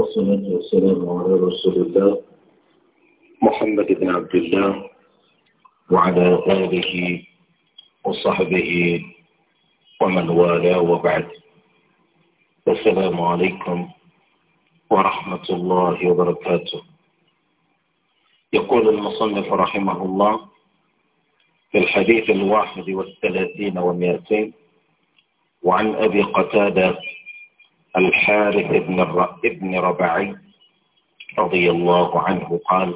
والصلاة والسلام على رسول الله محمد بن عبد الله وعلى آله وصحبه ومن والاه وبعد السلام عليكم ورحمة الله وبركاته يقول المصنف رحمه الله في الحديث الواحد والثلاثين ومئتين وعن أبي قتادة الحارث بن ابن ربعي رضي الله عنه قال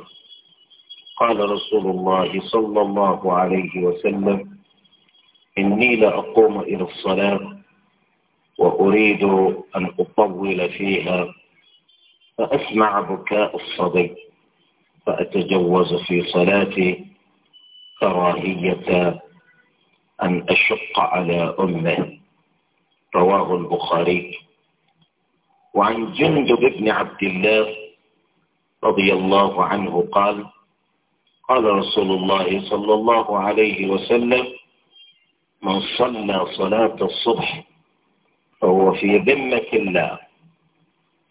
قال رسول الله صلى الله عليه وسلم إني لأقوم إلى الصلاة وأريد أن أطول فيها فأسمع بكاء الصبي فأتجوز في صلاتي كراهية أن أشق على أمه رواه البخاري وعن جندب بن عبد الله رضي الله عنه قال قال رسول الله صلى الله عليه وسلم من صلى صلاة الصبح فهو في ذمة الله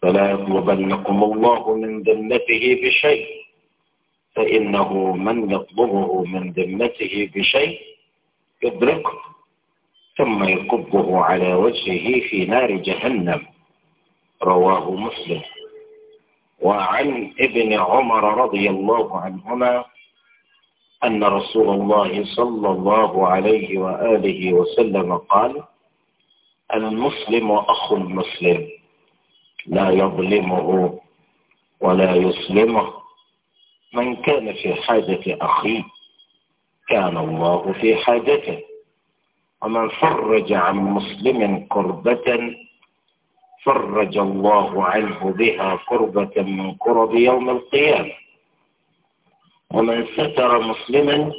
فلا يطلبنكم الله من ذمته بشيء فإنه من يطلبه من ذمته بشيء يدركه ثم يكبه على وجهه في نار جهنم رواه مسلم وعن ابن عمر رضي الله عنهما أن رسول الله صلى الله عليه وآله وسلم قال المسلم أخ المسلم لا يظلمه ولا يسلمه من كان في حاجة أخيه كان الله في حاجته ومن فرج عن مسلم كربة فرج الله عنه بها قربة من قرب يوم القيامة ومن ستر مسلما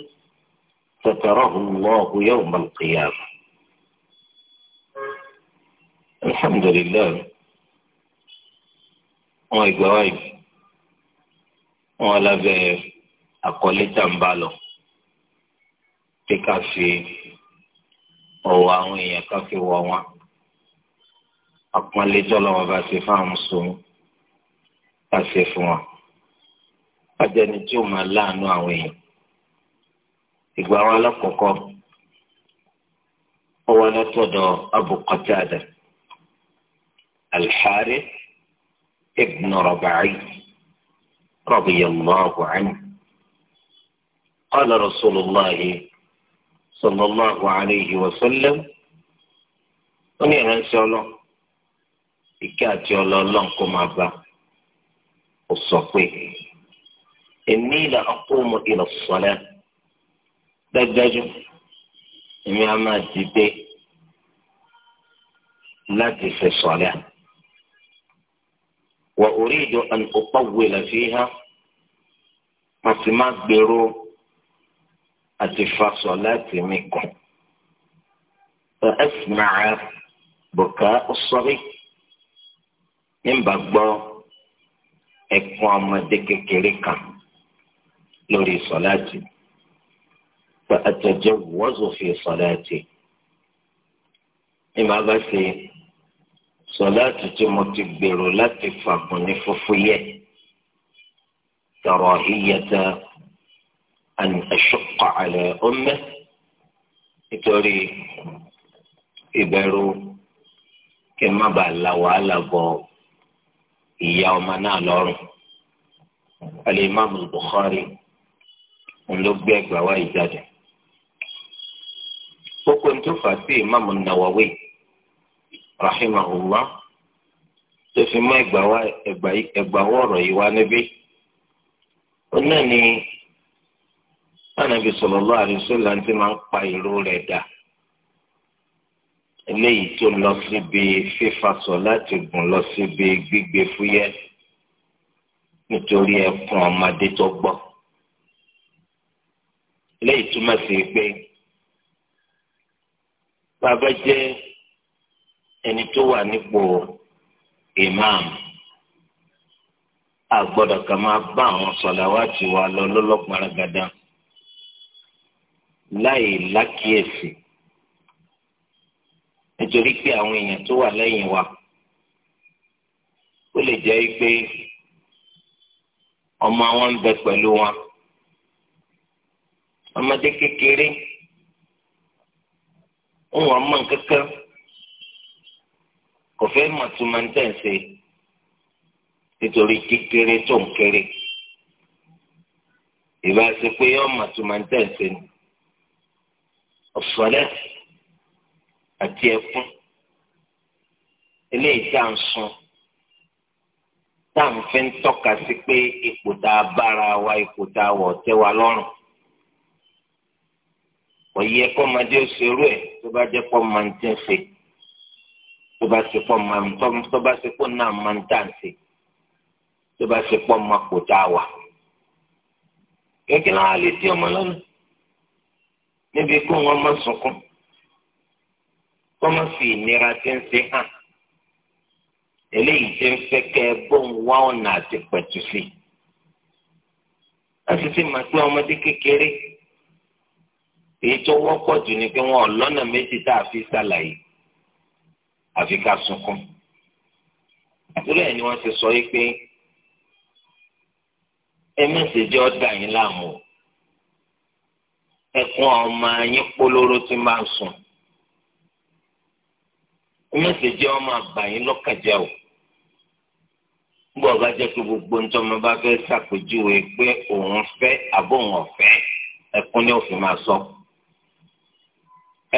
ستره الله يوم القيامة الحمد لله wọn ìgbà wa yìí wọn lábẹ́ àkọlé tá ń bá lọ pé ká fi ọwọ́ àwọn èèyàn ká àpọ́nlẹ́jọ́ lọ́wọ́ bá ṣe fáwọn mùsùlùmí bá ṣe fún wọn. Bàjẹ́ni tí ó máa láàánú àwọn èèyàn. Ìgbà wa lọ́kọ̀ọ́kọ́ ó wá látọ̀dọ̀ Abu Qatada ibn Raba'i radiyallahu anhu. قال رسول الله صلى الله عليه وسلم ونعم إن الله ìkẹ́ àti ọlọ́ọ̀lọ́n kó máa bá ó sọ pé èmi ìlà ọkùnrin ìlọ sọlẹ dájúdájú èmi á máa dìde láti ṣe sọlẹ wà orí ìjọ ànàpọ̀ wẹlẹ̀ fi hàn wọ́n sì máa gbèrò àti fa sọlẹ tèmi kàn. فأسمع بكاء الصبي nígbà gbọ́ ẹ̀kún ọmọdé kékeré kan lórí sọláàtì pé àtẹ̀jẹ́ wọ́ọ̀zù fi sọláàtì nígbà bá ṣe sọláàtì tí mo ti gbèrò láti fàgùn ní fúfúyẹ́ tọrọ ìyẹtẹ àni ẹ̀ṣọ́kọ̀ ọmọ nítorí ìbẹ̀rù kí n má bàa la wàhálà bọ̀ ọ́ ìyá ọmọ náà lọ́rùn alimami Bukhari ń ló gbé ẹgbàá wá ìjáde kókó tó fà sí imaamu Nawawi rahimahullah tó fi mọ ẹgbàá wọ̀rọ̀ yìí wá níbí ó náà ní anabi sallallahu alaihi ti máa ń pa ìró rẹ̀ dáa eléyìí tó lọ síbi fífasọ láti gùn lọ síbi gbígbé fúyẹ́ nítorí ẹkùn ọmọdé tó gbọ́ eléyìí túmọ̀ sí pé bàbá jẹ́ ẹni tó wà nípò ìmáàmù àgbọ́dọ̀ kà máa bá àwọn sọ̀làwátì wa lọ lọ́lọ́pàá gàdá láì lákìyèsí nítorí pé àwọn èèyàn tó wà lẹ́yìn wa ó lè jẹ́ pé ọmọ wọn ń bẹ pẹ̀lú wọn ọmọdé kékeré òun ọmọ kankan kò fẹ́ mọ̀túnmọ̀ ń tẹ̀sí nítorí kékeré tó ń kéré ìbá ṣe pé ọmọ mọ̀túnmọ̀ ń tẹ̀sí ni ọ̀sọ̀lẹ́sì àti ẹkún eléyìí tá à ń sun tá à ń fi ń tọ́ka sí pé ipò tá a bára wa ipò tá a wọ̀ tẹ́ wa lọ́rùn òye ẹ̀kọ́ ọmọdé òṣèrú ẹ̀ tó bá jẹ́ pọ́ máa ń tẹ́ ṣe tó bá ṣe pọ́ máa ń tọ́ tó bá ṣe pọ́ náà máa ń tà ń ṣe tó bá ṣe pọ́ máa kò tá a wà. kékeré náà lè dín ọmọ lọ́nà níbi kó wọn máa sunkún kọ́mọ fi ìnira tí ń ṣe hàn eléyìí tí ń fẹ́ kẹ́ bóun wá ọ̀nà àti pẹ̀tù sí i. láti sì máa pé ọmọdé kékeré èyí tó wọ́pọ̀ jù ni pé wọn ò lọ́nà méjì tá a fi ṣàlàyé àfi ká sunkún. àbúrò ẹ̀ ni wọ́n ti sọ pé ẹ má ṣe jẹ́ ọ̀dà yín láàmú ẹ̀kún ọmọ yín polówó tí máa ń sùn mẹsẹ̀ jẹ́ ọmọ àbàyìn lọ́kàjá o gbọ́ ọba jẹ́ pé gbogbo ń tọ́mọ bá fẹ́ ṣàpèjúwe pé òun fẹ́ àbọ̀ òun ọ̀fẹ́ ẹkún ní òfin máa sọ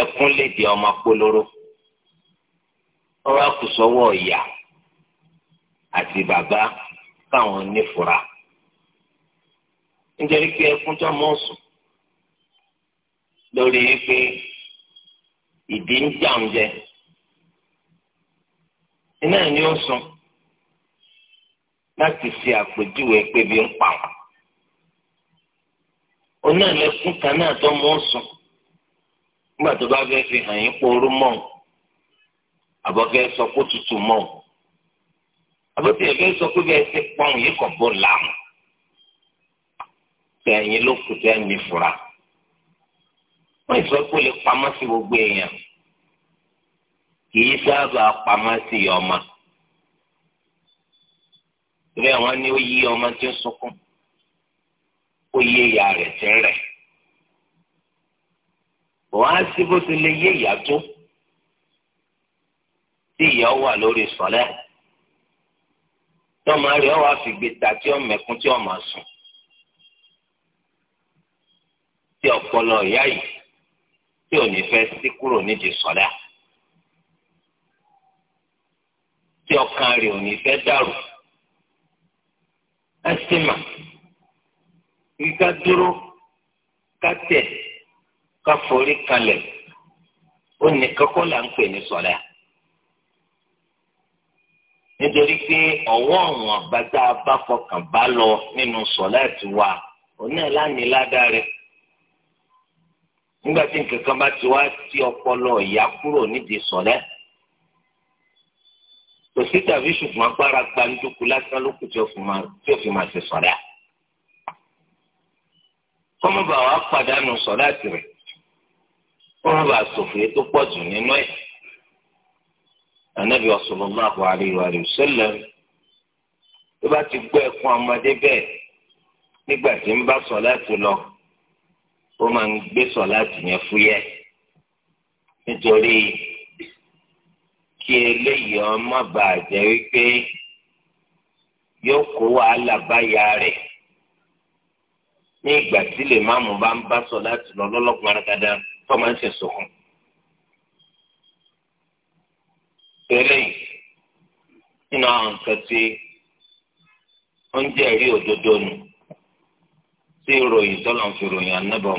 ẹkún lè di ọmọ polówó ọwọ́ àkùsọ́wọ́ ìyá àti bàbá káwọn nífura nítorí pé ẹkún tó mọ̀ sùn lórí pé ìdí ń jà ń jẹ iná ni ó sùn láti ṣe àpèjúwe pé bí ń pa wọn. oná lẹkùn kan náà tó mú sùn nígbà tó bá fẹ́ fi hàn yín pooru mọ́ ọ àbọ̀ fẹ́ sọ kó tutù mọ́ ọ àbọ̀ tí ẹ fẹ́ sọ pé bẹ́ẹ̀ ṣe pọ́n yìí kò bó làwọn. tẹ̀yìn ló kù tẹ́ mi fura wọ́n ìfẹ́ kó lè pamọ́ sí gbogbo èèyàn kì í sábà pamọ́ sí ọmọ torí àwọn ni ó yí ọmọ tí ó sunkún ó yé ìyá rẹ̀ tí ń rẹ̀ wọ́n á sí bó ti lè yé ìyá tó tí ìyá wà lórí sọlẹ tí rẹ̀ wà fìgbè ta tí ọmọ ẹkún tí ọmọ sùn tí ọpọlọ ìyá yìí tí ò ní fẹ́ sí kúrò nídìí sọlẹ. tí ọkàn rẹ̀ ò ní fẹ́ dàrú. ẹ sì mà kí ká dúró ká tẹ̀ ká forí kalẹ̀ ó ní kọ́kọ́ là ń pè ní sọ̀rọ̀ yà. nítorí pé ọ̀wọ́ àgbàdá bá fọkàn bá lọ nínú sọ̀rọ̀ àti wà òun náà lánìí nígbà tí bá ti wá sí ọpọlọ ìyá kúrò nídìí sọ̀rọ̀ kò sí tàbí ṣùgbọ́n agbára gbanduku lásán ló kù tí ó fi máa ṣe sọ̀dá. kọ́mọba wa pàdánù sọ̀dá tirẹ̀ kọ́mọba sòfò tó pọ̀ jù nínú ẹ̀. ànábì sallallahu alaihi wa sallam tó bá ti gbọ́ ẹ̀kún ọmọdé bẹ́ẹ̀ nígbà tí ń bá sọ̀dá ti lọ ó máa ń gbé sọ̀dá ti yẹn fúyẹ́ nítorí. kí eléyìí ọmọ bàá jẹ́ wípé yóò kó wàhálà báyà rẹ̀ ní ìgbà tí lè má mú bá ń bá sọ láti lọ lọ́lọ́gbọ̀n arákadá tó máa ń ṣe sọ̀kan. eléyìí nínú àwọn nǹkan tí ó ń jẹ́ òdodo nù ìròyìn tọ́lọ̀ ń fi ròyìn anábọ̀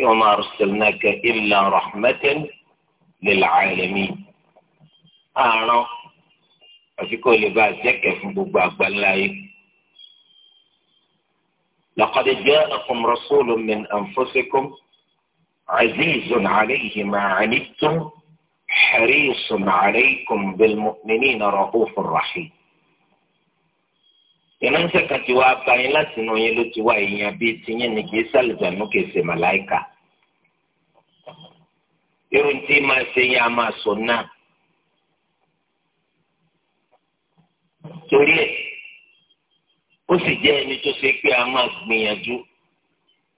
وما أرسلناك إلا رحمة للعالمين أنا أشكو لباسك في بابا الله لقد جاءكم رسول من أنفسكم عزيز عليه ما عنتم حريص عليكم بالمؤمنين رؤوف رحيم ìránṣẹ́ kan ti wá abayín láti inú yín ló ti wá èèyàn bíi tiyín ni kì í sàlùjànú kì í ṣe màláìkà irun tí máa ṣe yín a máa sọ náà torí ẹ̀ ó sì jẹ́ ẹni tó ṣe pé a máa gbìyànjú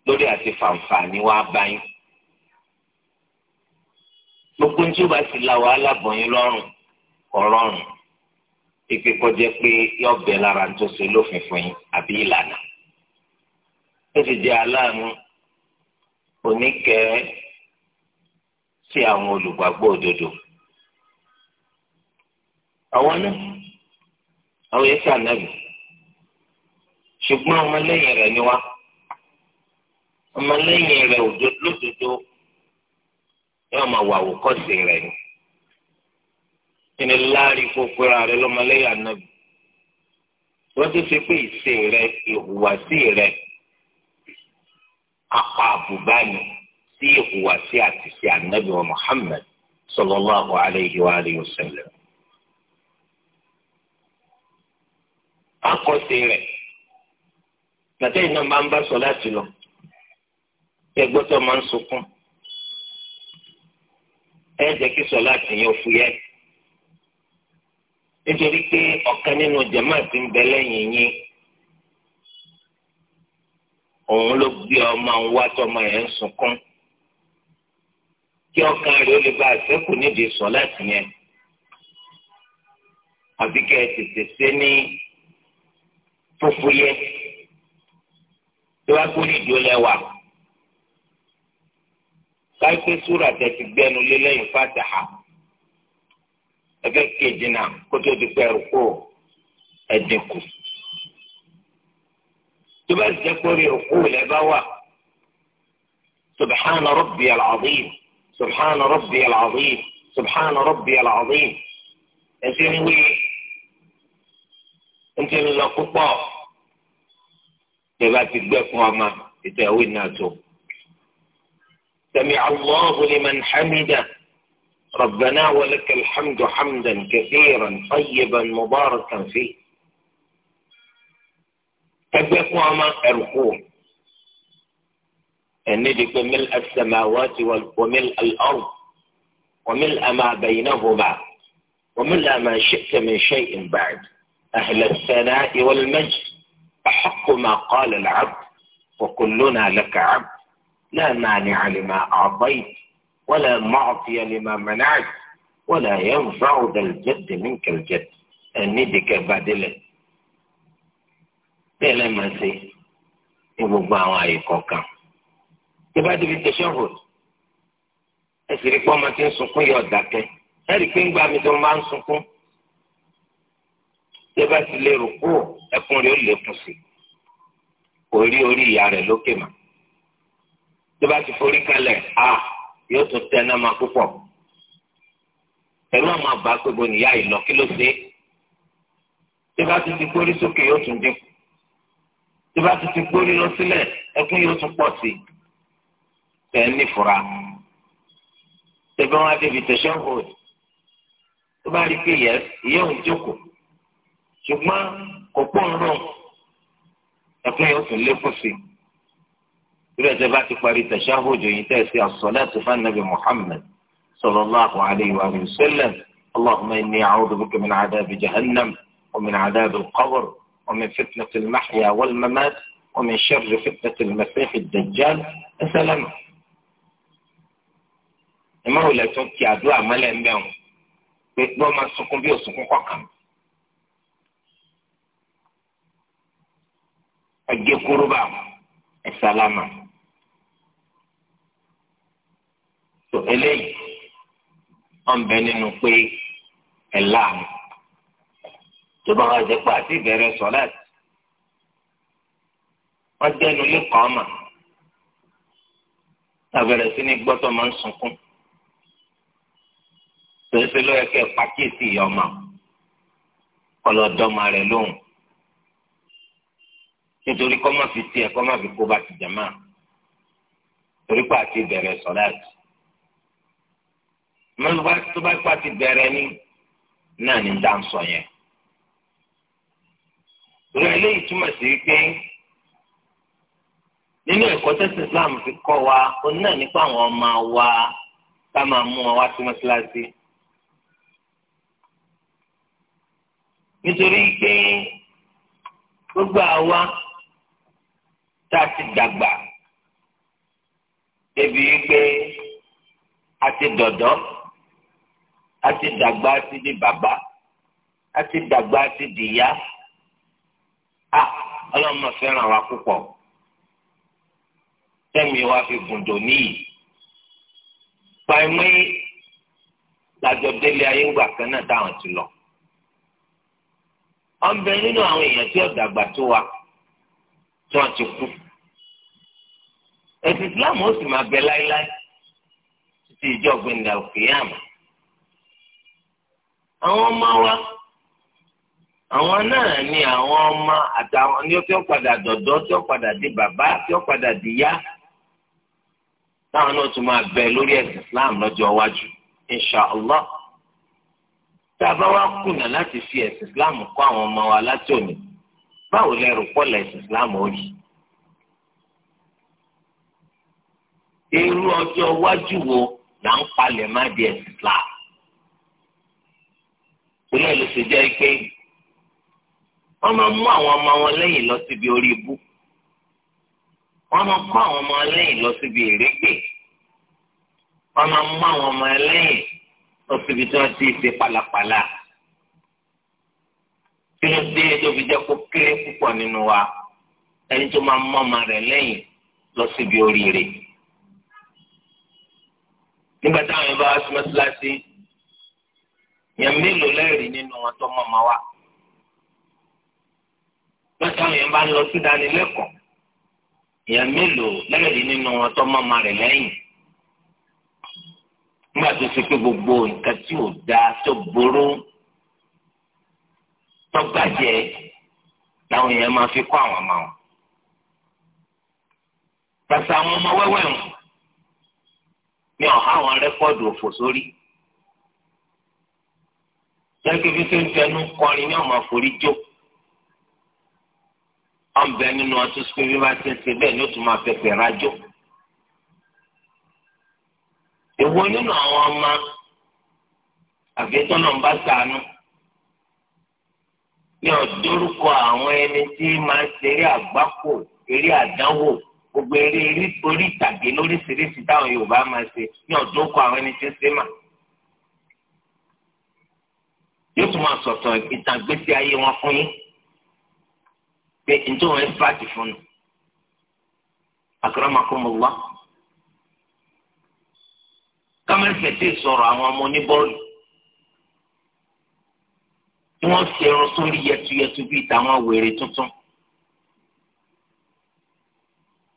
lórí àti fàǹfààní wá báyìí gbogbo ní tí ó bá sì la wàhálà bọ̀ yín lọ́rùn ọ̀rọ̀rùn ipe kọjá pé yọ bẹ lára tó ṣe lófin fún yín àbí ìlànà ó sì jẹ aláàánú oníkẹ̀ẹ́ sí àwọn olùgbàgbọ́ òdodo àwọn náà àwọn yẹn sànàbì ṣùgbọ́n ọmọlẹ́yìn rẹ̀ ni wá ọmọlẹ́yìn rẹ̀ lódodo yóò máa wà wò kọ́sì rẹ̀ ni. kíni láàrin kó rẹ lọ́mọlẹ́yà nàbì wọ́n pé rẹ ìhùwàsí rẹ apá àbùbá ni sí ìhùwàsí àti sí ànábì wa Muhammad sallallahu alayhi wa alayhi wa sallam. akọ́sí rẹ̀ nàtẹ́ iná máa ń bá sọ láti lọ ẹgbọ́tọ̀ máa ń sunkún nítorí pé ọ̀kan nínú jẹ̀mọ́ ti ń bẹ lẹ́yìn yín òun ló gbé ọmọ òun wá tọmọ yẹn ń sunkún kí ọkàn rẹ̀ ó lè bá àṣẹ́kù nídìí sọ láti yẹn àbí kẹ́ ẹ tètè ṣe ní fúfúyẹ́ tí wàá kó ní ìdúró lẹ́wà káyipé súrà tẹ̀ gbẹnu lé lẹ́yìn fàtàhà. ẹgbẹ́ kejì náà kó tó di pẹ́ òkú ẹ̀dínkù. tó bá jẹ́ kórè òkú lẹ́ bá wà subhana rabbi al-azim subhana rabbi al-azim subhana rabbi al-azim ẹ̀sìn wí ẹ̀sìn lọ púpọ̀ tó bá ti gbẹ́ fún ọmọ ìtẹ̀wé náà tó. سمع الله لمن حمده ربنا ولك الحمد حمدا كثيرا طيبا مباركا فيه تبقوا ما ارقوه ان ملء السماوات وملء الارض وملء ما بينهما وملء ما شئت من شيء بعد اهل الثناء والمجد احق ما قال العبد وكلنا لك عبد لا مانع لما اعطيت ولا معطي لما منعت ولا ينفع ذا الجد منك الجد ẹnìdìí kẹfà délẹ̀ tẹ́lẹ̀ máa ṣe ní gbogbo àwọn àyè kọ̀ọ̀kan tí bá débi tẹsán hò ẹ sì rí pé ọmọ tí ń sunkún yọ ọ̀dàkẹ́ ẹ rí i pé ń gbà mí tó máa ń sunkún tí bá ti lè rò kú ẹkún rẹ̀ ó lékún sí orí orí ìyá rẹ̀ lókè mà tí bá ti forí kalẹ̀ a. Ah yóò tún tẹná máa púpọ̀ ẹ̀rọ àwọn àbá gbogbo nìyá ìlọ kí ló ṣe tí bá ti ti gbórí sókè yóò tún dínkù tí bá ti ti gbórí lọ sílẹ̀ ẹkún yóò tún pọ̀ sí tẹ̀ ń nífura tẹ̀bẹ́ wọn adébi tẹ̀sán hold tó bá rí i pé ìyá òun jókòó ṣùgbọ́n kò pọ̀ ń rọ̀ ẹkún yóò tún lékún sí i. irú ẹ̀jẹ̀ bá ti parí tẹ̀síáhùjò yìí tẹ̀sí as-salatu fan nabi Muhammad sallallahu alayhi wa sallam allahumma inni a'udhu bika min adabi jahannam wa min adabi al-qabr wa min fitnati al-mahya wal-mamat wa min sharri fitnati al-masih ad-dajjal ẹsẹ̀lẹ̀mù. ìmọ̀ wòlẹ̀ tó kí àdúrà mọ́lẹ̀ ń bẹ̀rù pé gbọ́ máa sunkún bí òsunkún kọ̀ọ̀kan. ẹgẹ́ kúrúbà ẹ̀sálàmà. tó eléyìí wọn bẹ nínú pé ẹ láàmú tó bá wà jẹ pé àti ìbẹ̀rẹ̀ sọ̀láàtì wọn dẹnu lẹ́kọ̀ọ́ ọmọ àbẹ̀rẹ̀ sí ní gbọ́tọ̀ máa ń sunkún tòṣe ló yẹ kẹ́ ẹ pàkíyèsí ìyá ọmọ ọlọ́dọ́mọ rẹ̀ lóhùn nítorí kọ́ máa fi tiẹ̀ kọ́ máa fi kó bá ti jẹ̀ máa torí pé àti ìbẹ̀rẹ̀ sọ̀láàtì mọ́nùbá tó bá pa ti bẹ̀rẹ̀ ní náà ní dá ń sọ yẹn. ìrọ̀ eléyìí túmọ̀ sí pé nínú ẹ̀kọ́ tẹ́sí Islam fi kọ́ wa òun náà nípa àwọn ọmọ wa ká máa mú wọn wá sí mọ́ṣáláṣí. nítorí pé gbogbo àwa tá a ti dàgbà débi pé a ti dọ̀dọ́ a ti dàgbà a di bàbá a ti dàgbà a di ya, a ọlọ́run máa fẹ́ràn wa púpọ̀ tẹ́mi wa fi gùndò níyì pàmì làjọ délé ayé ńgbà kan náà táwọn ti lọ ọ̀nbẹ nínú àwọn èèyàn tí ó tó wa tí wọ́n ti kú ẹ̀sìn Islam ó sì máa bẹ láéláé títí ìjọ ọ̀gbìn ní àlùkìyàmù àwọn ọmọ wa àwọn náà ni àwọn ọmọ àtàwọn ní tí ó padà dọ̀dọ̀ tí ó padà di bàbá tí ó padà di yá táwọn náà tún máa bẹ lórí ẹ̀sìn Islam lọ́jọ́ iwájú inshàlá tá a bá wá kùnà láti fi ẹ̀sìn Islam kọ́ àwọn ọmọ wa láti òní báwo lẹ rò pọ́lẹ̀ ẹ̀sìn Islam ó yìí. irú ọjọ́ iwájú wo là ń palẹ̀ má di ẹ̀sìn Islam. oní ẹ̀ ló ṣe jẹ́ pé wọ́n máa mú àwọn ọmọ wọn lẹ́yìn lọ síbi orí ibú wọ́n máa kó àwọn ọmọ lẹ́yìn lọ síbi ìrégbè wọ́n máa mú àwọn ọmọ lẹ́yìn lọ síbi tí wọ́n ti ṣe pàlàpàlà kí ló dé tó fi jẹ́ kó kéré púpọ̀ nínú wa ẹni tó máa mú ọmọ rẹ̀ lẹ́yìn lọ síbi oríire nígbà táwọn ẹ̀ bá wá sí mọ́sálásí yẹn mélòó lẹ́rìí nínú wọn tó mọ̀mọ́ wa lọ́sàn yẹn bá ń lọ sí ìdánilẹ́kọ̀ọ́ yẹn mélòó lẹ́rìí nínú wọn tó mọ̀mọ́ rẹ̀ lẹ́yìn nígbà tó ṣe pé gbogbo nǹkan tí ò dáa tó burú tó bàjẹ́ làwọn yẹn máa fi kọ́ àwọn ọmọ wọn pàṣẹ àwọn ọmọ wẹ́wẹ́ wọn ni ọ̀há àwọn rẹ́kọ́ọ̀dù òfò sórí. So lẹ́kẹ́ bí tó ń fẹnu kọrin ní ọmọ àforí jó ọ̀nbẹ nínú ọtún sípé bí ti ń ṣe bẹ́ẹ̀ ni ó tún máa fẹsẹ̀ rájò. èwo nínú àwọn ọmọ àfẹ́tọ́ náà ń bá sànú ní ọ̀dọ́rúkọ àwọn ẹni tí máa ń ṣeré àgbákò eré àdánwò gbogbo eré orí lóríṣiríṣi táwọn Yorùbá máa ṣe ní àwọn ẹni yóò tún máa sọ̀tọ̀ ìtàgbésí ayé wọn fún yín pé njẹ́ wọn ẹ́fàtì fún un akramakumullah kámẹ́fẹ̀ tí sọ̀rọ̀ àwọn ọmọ oníbọ́ọ̀lù tí wọ́n ṣe irun sórí yẹtuyẹtu bíi tàwọn wèrè tuntun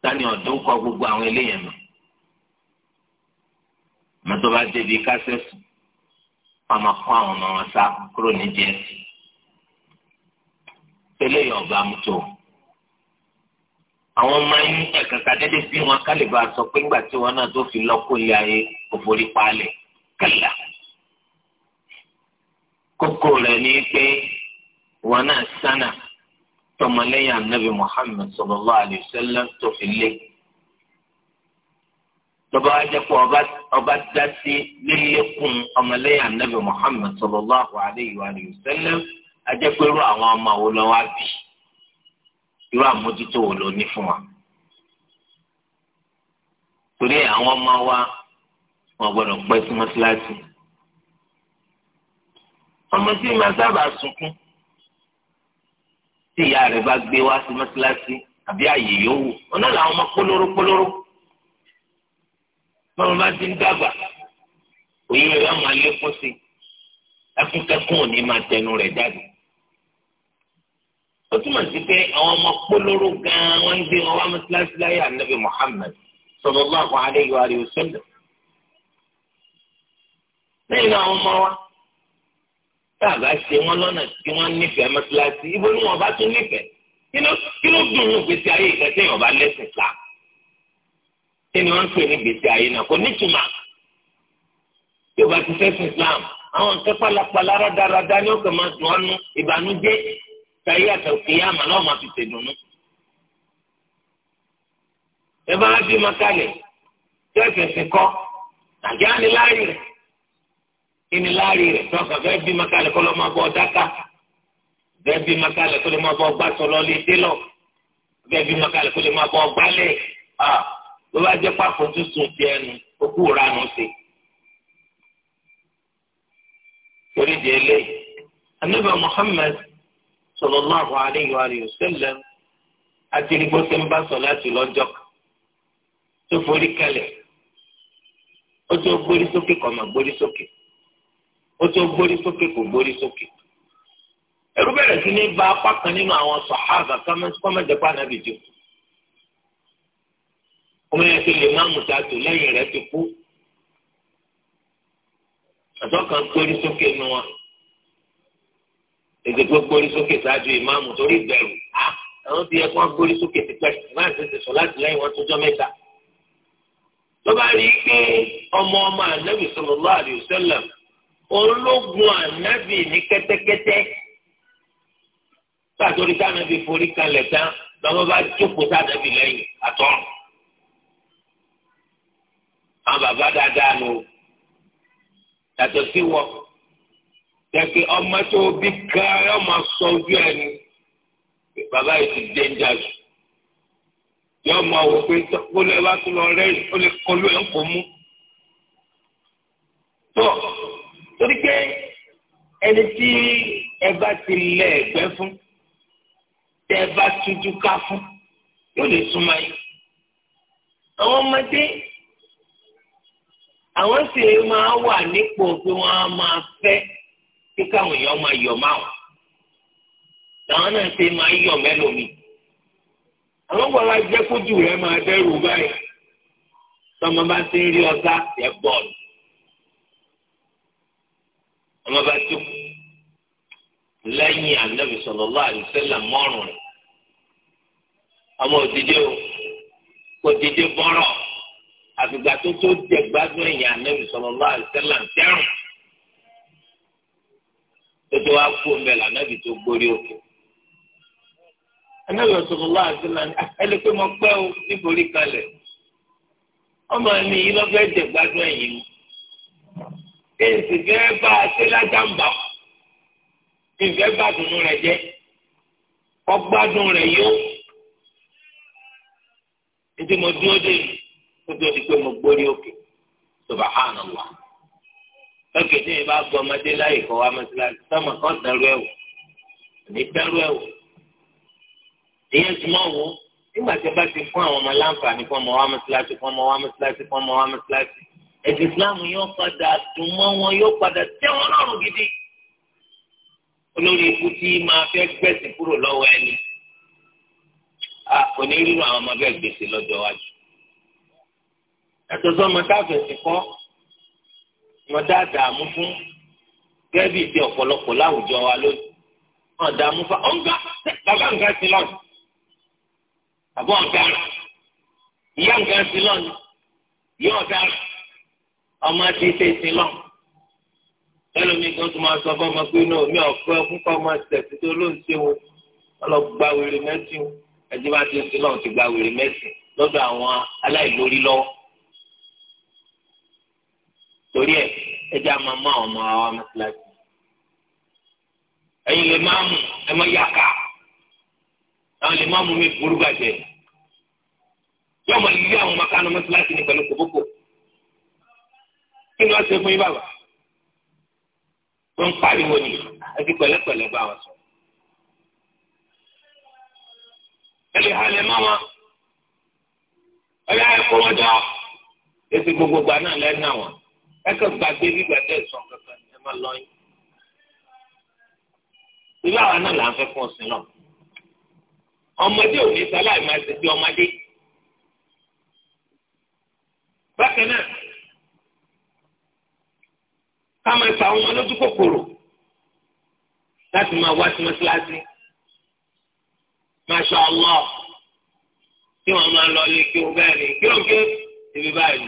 tani ọ̀dọ́ kọ gbogbo àwọn eléyẹn mọ̀ mọ́tò bá débi kásẹ̀ sùn wọn máa kó àwọn ọmọ wọn sá kúrò ní js tẹ́lẹ̀ yọ ọba mi tó àwọn ọmọ yín ẹ̀ka kàdédé bí wọn kálí bá sọ pé ńgbà tí wọn náà tó fi lọ́kọ́ ilé ayé òfòrí palẹ̀ kẹlà kókó rẹ̀ ni pé wọn náà sánà tọmọlẹ́yìn anabi Muhammad sallallahu alaihi wasallam tó fi lé tọba ajẹ pé ọba dá sí lílékún ọmọlẹ́yìn anabi muhammed sallallahu alayhi wa sallam ajẹ pé irú àwọn ọmọ wo lọ wá bí irú àmójútó wo ló ní fún wa torí àwọn ọmọ wa wọn gbọ́dọ̀ pẹ́ sí mọ́sálásí ọmọ tí màá sábà sunkún tí ìyá rẹ̀ bá gbé wá sí mọ́sálásí àbí àyè yòówù ọ̀nà làwọn ọmọ kólóró kólóró báwo bá ti ń dàgbà òye rẹ̀ máa lékún sí ẹkúnkẹkún òní máa tẹnu rẹ̀ jáde ó túmọ̀ sí pé àwọn ọmọ polówó gan-an wọ́n ń gbé wọn wá mọ́sálásí láyé ànábì Muhammad sallallahu alaihi wa alihi wasallam lẹ́yìn náà àwọn ọmọ wa tá a bá ṣe wọn lọ́nà tí wọ́n nífẹ̀ẹ́ mọ́sálásí ibo ni wọ́n bá tún nífẹ̀ẹ́ kí ló dùn ún gbèsè ayé ìkẹtẹ́ yọ̀ọ́ bá lẹ́sìn Islam kí ni wọ́n ń pè ní gbèsè ayé náà kò nítumà tí o bá ti fẹ́ fún Islam àwọn nǹkan pálapàla rádaràda ni ó kàn máa dùn ọ́nú ìbànújẹ́ tàyé àtàkìyàmà náà máa fi tẹ̀dùnú. ẹ bá wá bí makalẹ̀ tí ẹ fẹ̀sẹ̀ kọ́ àjẹ́ àniláàrí rẹ̀ kí ni láàrí rẹ̀ tí wọ́n kàn fẹ́ bí makalẹ̀ kọ́ lọ́ máa bọ́ dáká bẹ́ẹ̀ bí makalẹ̀ kọ́ lọ́ máa bọ́ gbàtọ́ lọ́lé délọ̀ bẹ́ẹ̀ bí makalẹ̀ kọ́ lọ́ máa bọ́ gbálẹ̀ ah, tó bá jẹ́ pàkó tó sùn sí ẹnu ó kú ránù sí i. torí di eléyìí anábà Muhammad sallallahu alayhi wa sallam àtìrìgbò tí ń bá sọ láti lọ́jọ́ kan tó forí kalẹ̀ ó tó gbórí sókè kò má gbórí sókè ó tó gbórí sókè kò gbórí sókè ẹ̀rù bẹ̀rẹ̀ sí ní ba apá kan nínú àwọn sàhábà kọ́mẹ́jẹpá nàbìjì kù ọmọ yẹn ti lè máàmù tààtò lẹ́yìn rẹ̀ ti kú àtọ́kàn gbórí sókè nu wa èdè tó gbórí sókè ṣáájú ìmáàmù torí ìbẹ̀rù àwọn ti yẹ kó wọn gbórí sókè ti pẹ́ máa tètè sọ láti lẹ́yìn wọn tójọ́ mẹ́ta tó bá rí i pé ọmọ ọmọ ànábì sallallahu alaihi wasallam ológun ànábì ní kẹ́tẹ́kẹ́tẹ́ pàtórí tánábì forí kalẹ̀ tán lọ́wọ́ bá jókòó tánábì lẹ́yìn àtọ́rùn àwọn bàbá dáadáa nù o yàtọ̀ sí wọ jẹ́pẹ́ ọmọ tó bí ká ọmọ sọ ojú ẹ̀ ni bàbá yìí ti dẹ́njà jù yọ mọ wò pé kólú ẹ bá tún lọ rẹ ó lè kọlu ẹ ń kò mú. tó torí pé ẹni tí ẹ bá ti lẹ ẹgbẹ́ fún tẹ bá tújú ká fún yóò lè súnmọ́ yìí. àwọn ọmọdé àwọn sì máa wà nípò pé wọ́n á máa fẹ́ kí káwọn èèyàn máa yọ̀ máwọn làwọn náà ṣe máa yọ̀ mẹ́lòmí. àwọn wàrà jẹ́ kójú rẹ̀ máa dẹ́rù báyìí tọmọ bá ti ń rí ọ̀tá yẹ bọ́ọ̀lù ọmọ bá tó lẹ́yìn anabi sallallahu alaihi wasallam mọ́rùn ọmọ òdìdé o dìde bọ́rọ̀. àfìgbà tó tó jẹ gbádùn ẹ̀yìn ànábì sallallahu alaihi wasallam tẹ́rùn tó tó wá kú ọmọ ẹ̀ lànàbì tó gbórí òkè. ànábì sallallahu alaihi wasallam ẹni ah, pé mo pẹ́ o níborí kalẹ̀ ọmọ mi yìí lọ́fẹ́ jẹ gbádùn ẹ̀yìn mi èsì fẹ́ bá a ṣe lájàmbá ìfẹ́ gbádùn rẹ̀ jẹ́ ọgbádùn rẹ̀ yó ètò mo dúró dé yìí nítorí di pé mo gbórí òkè subhanallah lókè tí yẹn bá gbọ́ ọmọdé láyè kọ́ wa mọ́sálásí sọ́mọ kan dẹrú ẹ̀ wò ní dẹrú ẹ̀ wò ìyẹn ti máa wò nígbà tí a bá ti fún àwọn ọmọ láǹfààní fún ọmọ wa mọ́sálásí fún ọmọ wa mọ́sálásí fún ọmọ wa mọ́sálásí ẹ̀sìn islam yóò padà dùn mọ́ wọn yóò padà tẹ́ wọn lọ́rùn gidi olórí ikú tí máa fẹ́ gbẹ̀sìn kúrò lọ́wọ́ ẹni kò ní rírun àwọn ọmọ bẹ́ẹ̀ gbèsè lọ́jọ́ iwájú ẹ̀tọ́ sọ ọmọ táfẹ̀sì kọ́ ọmọ dáadáa mú fún gẹ́bí ti ọ̀pọ̀lọpọ̀ láwùjọ wa lónìí wọn dààmú fa ọ̀ǹgá bàbá ǹgá sí lọ́nù àbọ̀ ọ̀gá ìyá ǹgá sí lọ́nù ìyá ọ̀gá ọmọ ti ṣe sí lọ́nù ẹlòmíì kan tó máa sọ fún ọmọ pé náà mi ò fẹ́ fún kọ́ ọmọ ṣẹ̀tì tó ló ń ṣe wọn lọ gba wèrè mẹ́sìn ẹ̀jẹ̀ bá ti ń sin lọ́nù ti gba wèrè mẹ́sìn lọ́dọ̀ àwọn aláìlórí lọ́wọ́ torí ẹ ẹjẹ àmọ́ mọ àwọn ọmọ àwọn mọ́sálásí ẹ̀yin lè máa mú ẹ mọ yàkà àwọn lè máa mú mi burú bàjẹ́ yóò mọ ilé àwọn makanu mọ́sálásí ní pẹ̀lú kòbókò kí ni wọ́n ṣe fún yín bàbá wọ́n ń pariwo ni àti pẹ̀lẹ́pẹ̀lẹ́ bá wọn sọ ẹ lè halẹ̀ mọ́ wọn wọn jọ èsì gbogbo gbà náà lẹ́nu àwọn ẹkọ gbàgbé bí gbàgbé ẹsùn kankan ẹ má lọ yín irú àwọn náà là ń fẹ́ fún ọsìn náà ọmọdé ò ní sáláì máa ṣe bí ọmọdé bákan náà ká máa ta àwọn ọmọ kòkòrò láti máa wá sí mọ́síláṣí Masha Allah kí wọ́n máa lọ lé kí wọ́n bẹ́ẹ̀ ni kí wọ́n gé ibi báyìí.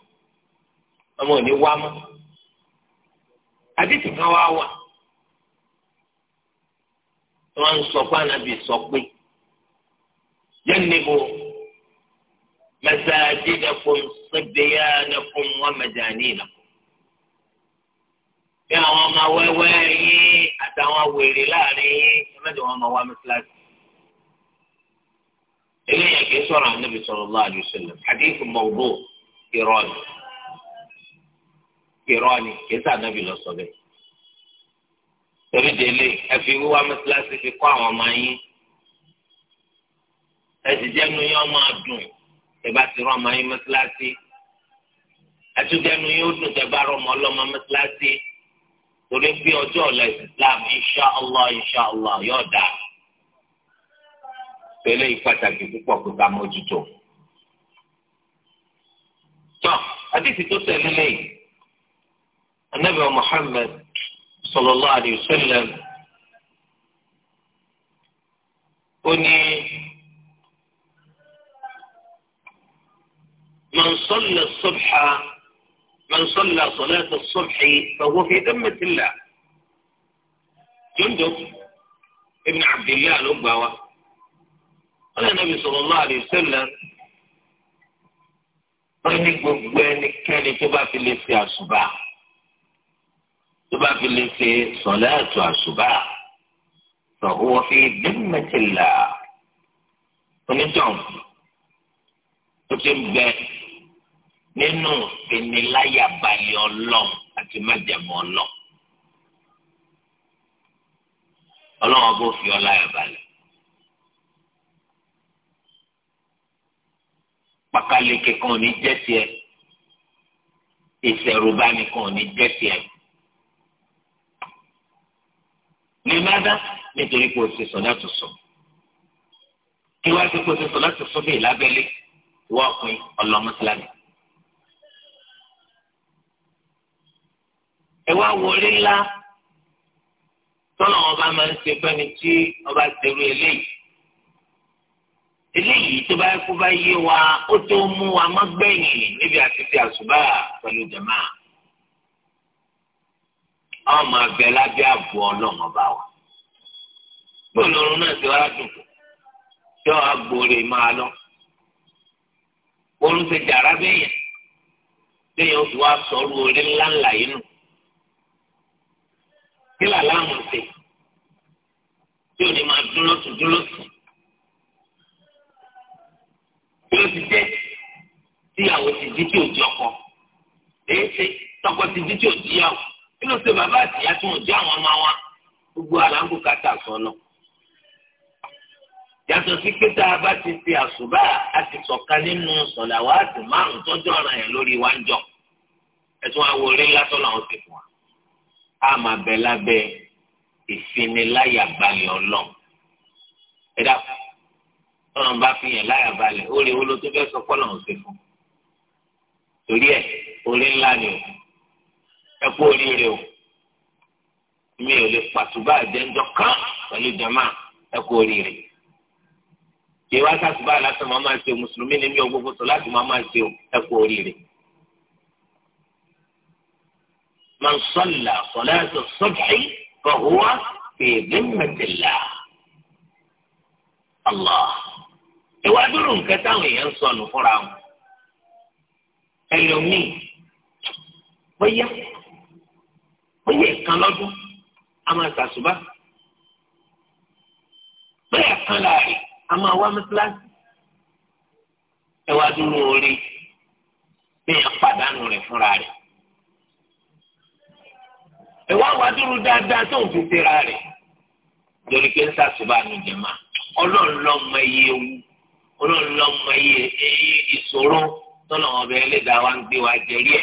ọmọ òní wá mọ́ àdìsí kan wá wà wọ́n ń sọ pé ànábì sọ pé yẹnìbó masajidakum sibyanakum wa majaninakum bí àwọn ọmọ wẹ́wẹ́ yín àtàwọn wèrè láàrin yín ẹ̀mẹ́jọ wọn máa wá mẹ́sàlásì eléyàá kì í sọ̀rọ̀ ànábì sallallahu àdìsí mọ̀ọ́dọ̀ ìrọ̀lẹ́ irọ́ ni kì í sànàbì lọ sọ bẹ́ẹ̀. torí délé ẹ fi wíwá mọ́sálásí fi kọ́ àwọn ọmọ yín ẹ sì jẹ́nu yín ọmọ dùn ẹ bá ti rán ọmọ yín mọ́sálásí ẹtùjẹnu yín ó dùn tẹ́ bá rọ ọmọ ọlọ́mọ mọ́sálásí torí pé ọjọ́ ọ̀la Islam insha Allah yóò dáa pẹ̀lẹ́ ìpàtàkì púpọ̀ kó ká mójútó. tọ́ àdìsí tó tẹ̀lé lẹ́yìn. النبي محمد صلى الله عليه وسلم أني من صلى الصبح من صلى صلاة الصبح فهو في ذمة الله جندب ابن عبد الله الأبوة قال النبي صلى الله عليه وسلم قال ní gbogbo ẹnikẹ́ni tó bá fi lè ṣe tó bá fi lè ṣe sọ̀láàtù àṣùbà sọ̀hún fi dẹ́mẹ̀tìlá onítàn ó ti bẹ nínú ìníláyàbalẹ̀ ọlọ́run àti májẹ̀mọ́ ọlọ́run ọlọ́run bó fi ọláyàbalẹ̀. pàkàlẹ́kẹ̀ kan ò ní jẹ́ tiẹ̀ ìṣẹ̀rùbá nìkan ò ní jẹ́ tiẹ̀. lè má dá nítorí kò ṣe sọlá tó sọ kí wá sí kò ṣe sọlá tó sọ bí ìlábẹ́lé ìwọ ọkùnrin ọlọmọsílámì. ẹ wá wọlé ńlá tọ́nà ọba máa ń ṣe fẹ́ni tí ọba ṣerú eléyìí eléyìí tó bá kú bá yé wa ó tó mú wa mọ́gbẹ̀yìn níbi àti ti àṣùbà pẹ̀lú jàmáà. ọmọ abẹ lábẹ́ àbọ Ọlọ́run ọba wa gbọlọrun náà ti wá dùn tí ọ agbóore máa lọ oorun ti dàrá bẹyẹn bẹyẹn o ti wá sọ̀rọ̀ orí ńlá yìí nù kí làlá tí o ní máa dúró tù dúró tù tí o ti jẹ tíyàwó ti di tí o èyí tọkọ ti di tí o kí ló ṣe bàbá àtìyá tí wọ́n jẹ́ àwọn ọmọ wa gbogbo àlàǹkó kàtà sọ́nà. yàtọ̀ sí pé tá a bá ti ṣe àṣùbà a ti sọ̀ka nínú sọ̀làwáàtì márùn-ún tọ́jọ́ ọ̀ràn yẹn lórí wa ń jọ ẹ̀sùn àwọn orí ńlá tọ́lá wọn ti fún wa. a máa bẹ lábẹ́ ìfiniláyàbalẹ̀ ọlọ́run. ẹ dákun tọ́lọ́n bá fi yàn láyàbalẹ̀ ó rí owó ló tó fẹ́ sọ pọ́lọ́run ṣe fún. torí ẹ̀ orí ńlá ni òkú ẹ oríire o mi ò lè pàtùbà ìdẹ́njọ kan pẹ̀lú jama ẹ kú oríire yìí wá sàtùbà lásán máa máa ṣe o mùsùlùmí ni mi ò gbogbo sọ láti máa máa ṣe o ẹ kú oríire. من صلى صلاة الصبح فهو في ذمة الله الله ìwà dúró nǹkan táwọn èèyàn ń sọnù fúnra wọn ẹlòmíì bóyá bóyá kan lọ́dún a máa ṣàṣùbà bóyá kan láàrin a máa wá mọ́tíláṣí ẹ wá dúró orí bẹ́ẹ̀ pàdánù rẹ̀ fúnra rẹ̀ ẹ wá wá dúró dáadáa tó ń fi tẹ́ra rẹ̀ lórí pé ń ní jẹ̀má ewu ọlọ́run lọ́mọ iye ìṣòro tọ́lọ̀ ọbẹ̀ ẹlẹ́dàá wa ń gbé wa ẹ̀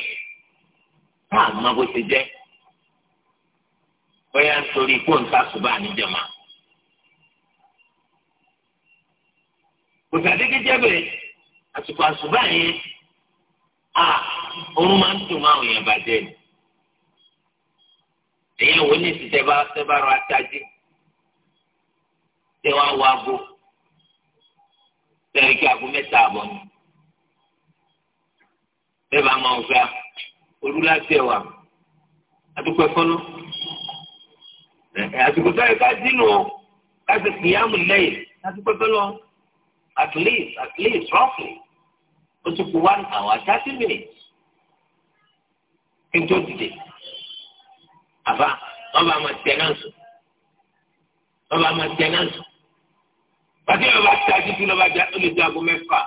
bóyá nítorí kó n ta ṣùgbọ́n àníjàmá. kò sàdédé jẹ́bẹ̀ẹ́ àsìkò àṣùbà yẹn a òun máa ń dùn máa òyìn àbàjẹ́ ni. èyàn wo ní ìsìtẹ́ bá fẹ́ bá ra tají tẹ wá wọ abo tẹ̀rí kí abo mẹ́ta àbọ̀ ni. bẹ́ẹ̀ bá máa ń fẹ́ olú láti ẹ̀ wà á àsìkò tó yẹ ká dínú ká ti kìyàmù lẹ́yìn láti pẹ́pẹ́ lọ at least at least roughly ó ti kú one hour thirty minutes kí n tó dìde àbá wọn bá máa tẹ náà sùn wọn bá máa tẹ náà sùn pàtí wọn bá tẹ àti tìlọ bá dá ó lè dá mẹ́fà.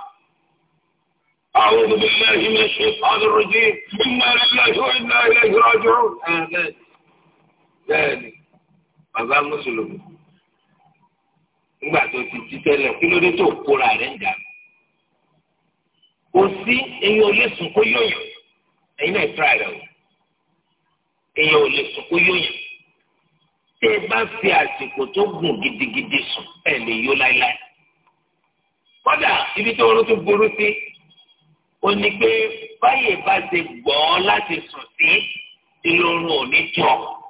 أعوذ بالله من الشيطان الرجيم إنا لله وإنا إليه راجعون ذلك bàbá mùsùlùmí nígbà tó ti jí tẹ́lẹ̀ kí ló dé tó kóra rẹ̀ ń jà kò sí eyín olè sùn kó yóyàn ẹ̀yin náà tura rẹ̀ o eyín olè sùn kó yóyàn tẹ́ ẹ bá fi àsìkò tó gùn gidigidi sùn ẹ lè yó láéláé kódà ibi tó oró tó burú sí o ní pé báyìí bá ti gbọ́ láti sùn sí ìlú oorun ò jọ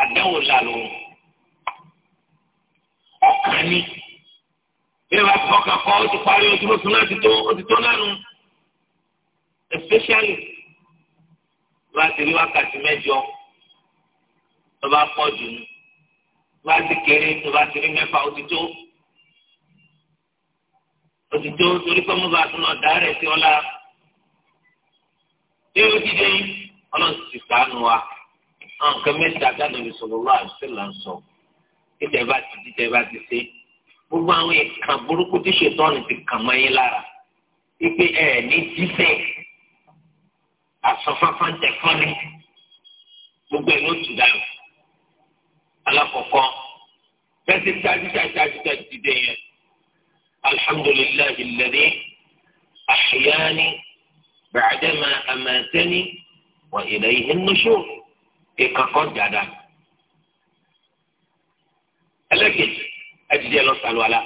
àdánwò lànà ọkàn ni ilé wa kọ́ kan kọ́ ó ti parí ojúmọ́ sùn náà ti tó ó ti tó nánu especially bá ti rí wákàtí mẹ́jọ tó bá pọ̀ jù ní bá ti kéré tó bá ti rí mẹ́fà o ti tó ó ti tó torí pé mo bá tún lọ dá rẹ̀ sí ọ́la bí ó ti dé ọlọ́run ti sànù wa àwọn nǹkan mẹ́ta gánàbí sallallahu alaihi wasallam ń sọ títẹ̀ bá ti títẹ̀ bá ti ṣe gbogbo àwọn ìkà burúkú tí ṣètọ́nù ti kàn mọ́ yín lára wípé ẹ ní jíṣẹ́ àsọfáfá ń tẹ̀ fọ́nì gbogbo ẹ̀ ló tù dànù alákọ̀ọ́kọ́ bẹ́ẹ̀ ti tájú tájú tájú tájú ti dé yẹn alhamdulillahi alladhi ahyani ba'dama amatani wa ilayhi an-nushur ìkànkọ́ jáda ẹlẹ́kẹ̀jì ẹtìjẹ lọ sàlùwàlà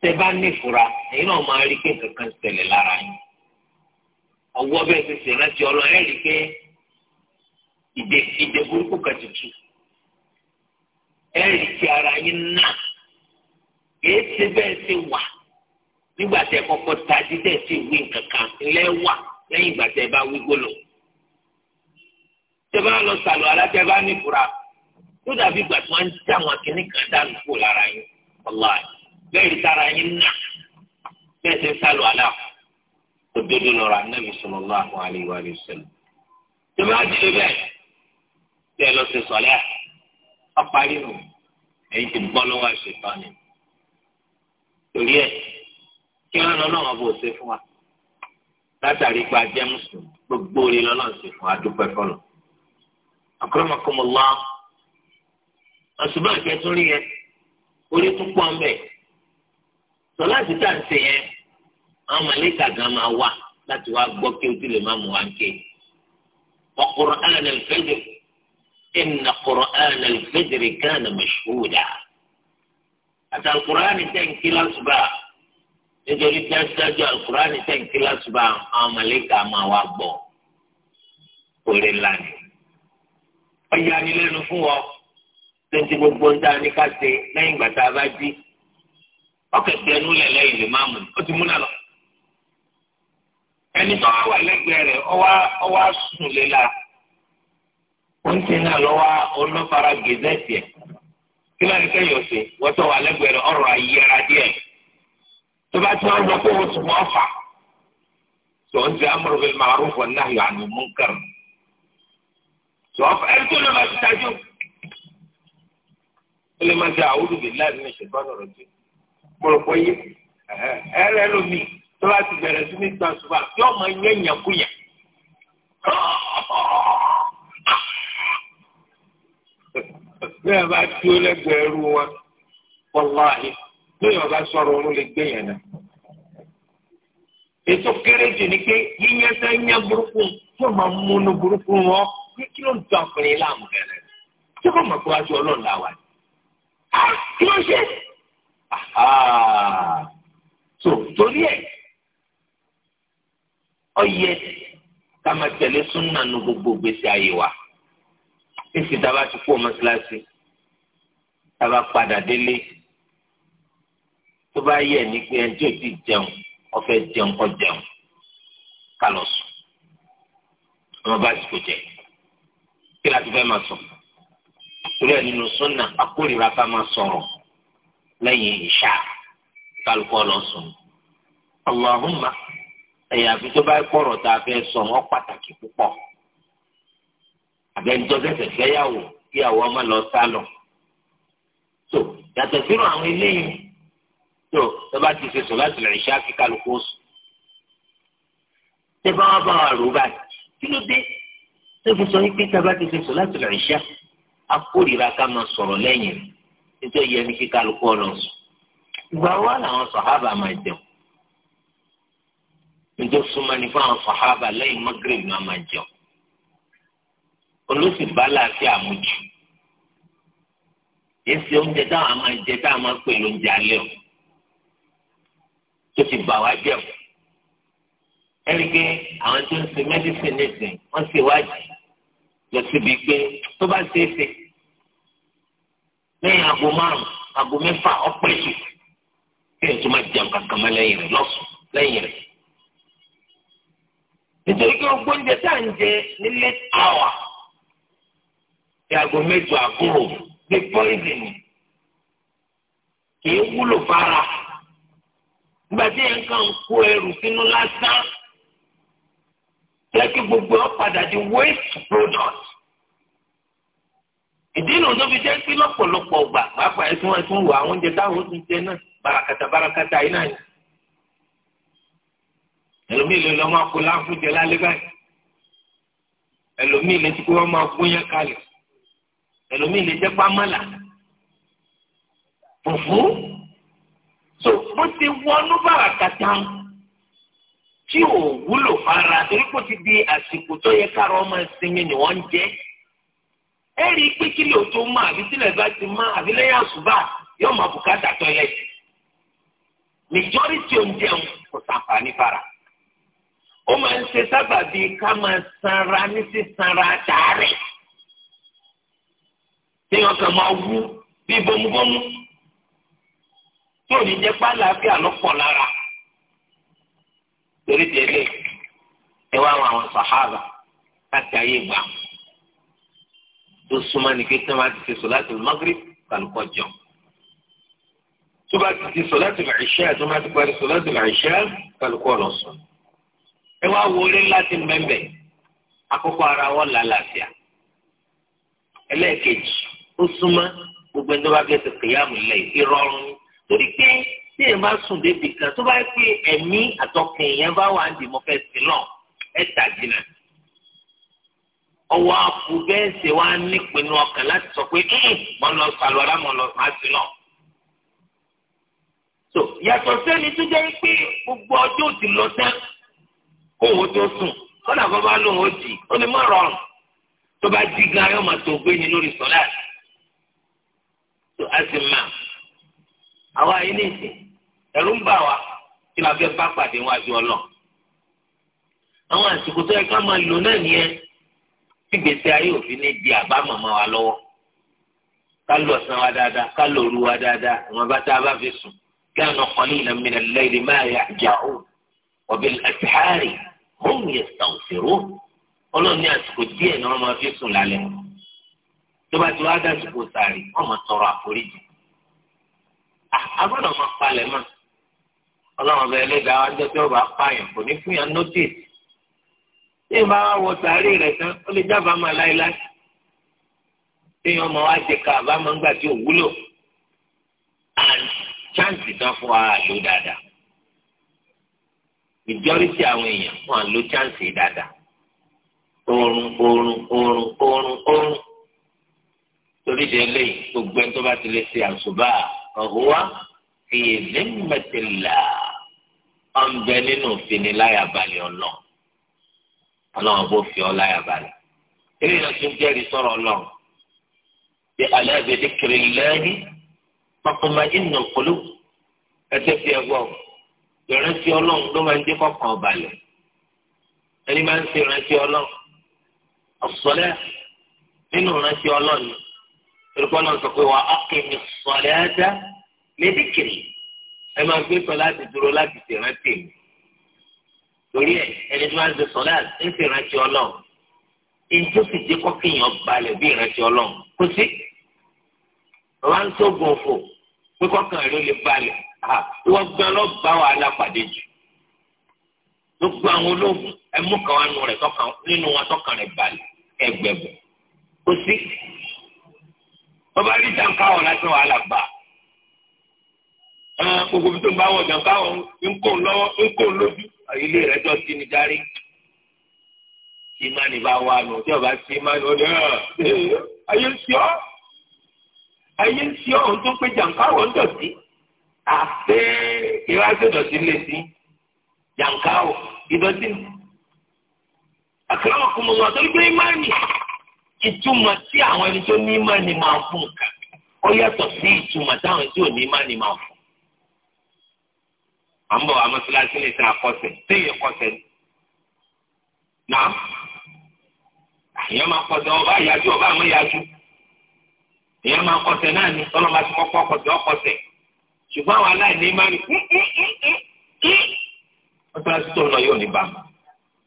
tẹ bá ní ìfura èyí náà máa rí pé kankan ṣẹlẹ̀ lára yín ọwọ́ bẹ́ẹ̀ ti ṣe rántí ọlọ́ ẹ̀ rí pé ìdè ìdè burúkú kan ti tu ẹ̀ rí ti ara yín náà kìí ṣe bẹ́ẹ̀ ṣe wà nígbà tẹ kọ́kọ́ tají tẹ̀ sí ìwé nǹkan kan lẹ́wà lẹ́yìn ìgbà tẹ bá wí gbólóhùn tẹ́bá lọ sàlù alátẹ́bá nífura tó dàbí ìgbà tí wọ́n ń já wọn kìíní kan dànù kó lára yín ọlá bẹ́ẹ̀ rí sára yín nà bẹ́ẹ̀ ti ń sàlù alá òdodo lọ́rọ̀ anábì sallallahu alaihi wa sallam tẹ́bá dìde bẹ́ẹ̀ tẹ́ lọ sí sọ̀lẹ́ ọparí nù èyí ti bọ́ lọ́wọ́ àṣetọ́ ni torí ẹ̀ kí wọ́n lọ náà wọ́n bò ṣe fún wa látàrí gba jẹ́ mùsùlùmí gbogbo orí lọ́nà ṣe fún adúpẹ́ fọlọ́ akramakumullah àṣùbà ìkẹtùn rí yẹn orí tún pọ̀ mbẹ̀ sọlá ti tà ń ṣe yẹn àwọn màlẹ́kà gan máa wá láti wá gbọ́ kí o ti lè má mú wa ń ké wa qur'ana al-fajr inna qur'ana al-fajr kana mashhuda àti alukur'ani tẹ̀ ń kí lásùbà nítorí tí a ṣáájú alukur'ani tẹ̀ ń kí lásùbà àwọn màlẹ́kà máa wá gbọ́ orí ńlá ọyanilẹ́nu fún wọn lẹ́yìn gbogbo ń dá ní ká ṣe ìgbà tá a bá jí ọkẹ̀tẹ̀ ẹnu lẹ̀ lẹ́yìn lè máa mú ọ ti múnà lọ. ẹni tó wá wà lẹ́gbẹ̀ẹ́ rẹ̀ ọ wá sùn lé ó ń ṣe náà ẹ̀ kí lóò ní wọ́n tó wà díẹ̀ tó bá lọ kó o fà tó ń náà yọ tọ́fà ẹni tó lè máa ti tajú ó lè máa ṣe àwùjọ bíi láàrin ìṣẹ̀gbọ́n ọ̀rọ̀ jù pọ̀lọpọ̀ yé ẹ rẹ lómi tó bá ti bẹ̀rẹ̀ sí ní gbà ṣùgbà tí ọmọ yẹn yàn kú yàn. bẹ́ẹ̀ bá tí ó lẹ́gbẹ̀ẹ́ rú wọn wọláhì lóyún ọba sọ̀rọ̀ òun lè gbé yẹn náà. ètò kéré jù ni pé yíyan sẹ́ burúkú tó máa múnú burúkú wọn pé kí ló ń tọ́ ọkùnrin láàmú bẹ̀rẹ̀ tí kò mọ̀ pé wájú ọlọ́run là wà ní. kí ló ṣe. so torí ẹ̀ ọyẹ ká máa tẹ̀lé súnmọ́ nu gbogbo gbèsè ayé wa èsì tába ti kó mọ́sálásí tába padà délé tó bá yẹ ní pé ẹni tí ò ti jẹun ọfẹ jẹun kọ jẹun ká lọ sùn ọmọ bá ti kò jẹun kí la ti fẹ́ máa sọ torí ẹ̀ nínú súnà akórira ká máa sọ̀rọ̀ lẹ́yìn ìṣá kálukú ọlọ́sùn Allahumma ẹ̀yà àfi tó bá kọ̀rọ̀ tá a fẹ́ sọ wọ́n pàtàkì púpọ̀ àbẹ̀ntọ́ tẹ̀sẹ̀ fẹ́yàwó kí àwọn ọmọ lọ sálọ tó yàtọ̀ sírò àwọn eléyìí tó tó bá ti ṣe sọ láti rìn ìṣá kí kálukú sùn tẹ́ bá wà bá wà rú báyìí kí ló dé tó fi sọ wípé tábà ti fi sọ láti rà ìṣá akórira ká máa sọ̀rọ̀ lẹ́yìn nítorí yẹ ní kíkà lóko ọ̀nà sùn. ìgbà wa làwọn sàhábà máa jẹun nítorí súnmọ́ ní fún àwọn sàhábà lẹ́yìn magreth náà máa jẹun olóṣì bá láàfin àmójú èsì oúnjẹ táwọn máa jẹ táwọn máa pè lóúnjẹ alẹ́ o tó ti bà wá jẹun ẹni pé àwọn tó ń ṣe medicine nìsín wọ́n ṣe wájì lọ síbi pé tó bá ṣe é ṣe lẹ́yìn aago márùn-ún aago mẹ́fà ọ̀pẹ̀ jù kí ẹ̀ tó má jẹun kankan mọ́ lẹ́yìn rẹ̀ lọ́sùn lẹ́yìn rẹ̀. nítorí pé gbogbo oúnjẹ tá à ń jẹ ní late hour bí aago mẹ́jọ àgúrò bí poison kì í wúlò fara nígbà tí ẹ̀ ń kàn kó ẹrù sínú lásán jẹ́ kí gbogbo ọ padà di waste product. ìdí inú tó fi jẹ́ sí lọ́pọ̀lọpọ̀ ọgbà pàápàá ẹ̀sùn ẹ̀sùn wò àwọn oúnjẹ táwọn oṣù jẹ náà barakata barakata yìí náà ni. ẹlòmíì lè lọ máa kó láǹfù jẹ lálẹ́ báyìí ẹlòmíì lè ti kó wọn máa gbóyán kalẹ̀ ẹlòmíì lè jẹ́ pamọ́là fùfú. so bó ti wọnú barakata ń tí ò wúlò fara torí kò ti di àsìkò tó yẹ káàrọ̀ ọmọ ìsinmi ni wọ́n ń jẹ́ ẹ rí i pé kí lè o tó máa àbí tílẹ̀ bá ti máa àbí lẹ́yìn àṣùbà yóò máa bùkátà tọ́lẹ̀tì majority oúnjẹ ń kò sàǹfààní fara ó máa ń ṣe sábà bíi ká máa sanra ní sísanra dàárẹ̀ téèyàn kan máa wú bíi bómúbómú tí ò ní jẹ́ pálá bí àlọ́pọ̀ lára. torí ti ẹlẹ́ ẹ wá àwọn àwọn sàhábà láti ayé ìgbà tó súnmọ́ ní kékeré máa ti ṣe jọ. tó bá ti ṣe sọ̀láàtì ìṣẹ́ tó máa ti parí sọ̀láàtì ìṣẹ́ kálukọ́ lọ sùn. ẹ wá wọlé láti ara wọn làlàáfíà. ó gbogbo ẹni tó bá kìyàmù torí tí èèyàn bá sùn débi kan tó bá yẹ pé ẹ̀mí àtọkùn èèyàn bá wà nídìí mo fẹ́ sí lọ ẹ̀ tàjìnà ọwọ́ àpò bẹ́ẹ̀ ṣe wá nípinnu ọkàn láti sọ pé mo lọ sàlọ́ra mo lọ má sí lọ. so yàtọ̀ sẹ́ni tó jẹ́ pé gbogbo ọjọ́ òdì lọ sẹ́ kóhùn tó sùn kọ́nà bá bá lóhùn ó jì ó ní mọ̀ rọrùn tó bá jí gan yóò máa tó gbé ni lórí sọ́lá. so a sì máa àwa yìí ní ìsìn ẹ̀rù ń bà wá kí la fẹ́ bá pàdé wájú ọlọ àwọn àsìkò tó yẹ ká máa lò náà nìyẹn tí gbèsè ayé òfin ní di àbámọ̀mọ́ wa lọ́wọ́ ká lò ọ̀sán wa dáadáa ká lò òru wa dáadáa àwọn bá tá a bá fi sùn kí àwọn ọkàn ní ìlànà mìíràn lẹ́yìn máa yà jà ó ọ̀bẹ àtìhárì hóun yẹ sàn òṣèrò ọlọ́ọ̀ni àsìkò díẹ̀ ni wọ́n máa fi sùn lálẹ́ tó bá ti wá dásìkò sàárì wọ́n máa tọrọ àforíjì àgbọ̀dọ̀ máa palẹ̀ máa ọlọ́run ọbẹ̀ ẹlẹ́dàá wa jẹ́ pé ó bá pààyàn kò ní fún yàn nọ́tìsì tí ìbá wa wọ sàárè rẹ̀ tán ó lè jábàá máa láéláé tí yàn máa wá jẹ ká àbá máa ń gbà tí ò wúlò and chance tán fún wa lò dáadáa majority àwọn èèyàn fún wa lò chance dáadáa oorun oorun oorun oorun oorun torí de eléyìí gbogbo ẹni tó bá ti lè ṣe àṣùbà ọ̀hún wa fi zimmati llah wọn bẹ nínú òfin láyàbalẹ̀ ọlọ́run ọlọ́run bó fi ọ láyàbalẹ̀ eré náà tún jẹ́rìí sọ̀rọ̀ ọlọ́run bí aláàbẹ̀dẹ kiri lẹ́yìn pàpọ̀mọ́ ìnà kọlù ẹsẹ̀ fi ẹgbọ́ ìrántí ọlọ́run ló máa ń dé kọ̀ọ̀kan balẹ̀ ẹni máa ń ṣe ìrántí ọlọ́run ọ̀sọ̀lẹ́ nínú ìrántí ọlọ́run olùkọ́ náà sọ pé wà á kì í sọ̀lẹ́ ẹ̀dá lédìkìrì ẹ máa gbé sọ láti dúró láti ṣèrántí mi torí ẹ ẹni tí wọ́n ṣe sọ láti ń ṣèrántí Ọlọ́run ìjọ sì jẹ kọkìyàn balẹ̀ bí ìrántí Ọlọ́run kò sí wọ́n ń sógun fò pé kọkàn rẹ lè balẹ̀ wọ́n gbẹ ọlọgbà wàhálà pàdé jù gbogbo àwọn ológun ẹmú kan wà nù rẹ tọkàn nínú wọn tọkàn rẹ balẹ̀ ẹgbẹgbẹ kò sí bàbá rí jàǹkà wọn láti wàhálà gbà á. Ah, gbogbo tó ń bá wọn jàǹká wọn ń kó lọ́wọ́ ń kó lójú ilé rẹ̀ jọ sí ni járe tí ìmánì bá wà nù tí ọba sí ìmánì ó ní ah, eh, ayé ń ṣe ọ́ ayé ń ṣe ọ́ ohun tó pé jàǹká wọn ń dọ̀tí àfẹ ìrántí ìdọ̀tí lè sí jàǹká wọn ìdọ̀tí àkàrà ọkùnrin wọn tó ń gbé ìmánì ìtumọ̀ tí àwọn ẹni tó ní ìmánì máa ń fún nǹkan ó yàtọ̀ sí ìtumọ̀ táwọn ẹni tó ní ìmánì máa ń fún à ń bọ̀ wá mọ́sálásí ní ìsìn àkọsẹ̀ téèyàn kọsẹ̀ ni. Nàá èèyàn máa kọsẹ̀ ọba ìyájú ọba àmọ́ ìyájú èèyàn máa kọsẹ̀ náà ni tọ́lọ́ bá ti kọ́kọ́ kọsẹ̀ ọkọsẹ̀ ṣùgbọ́n àwọn aláìní máa rí mọ́sálásí tó ń lọ yóò ní bàmù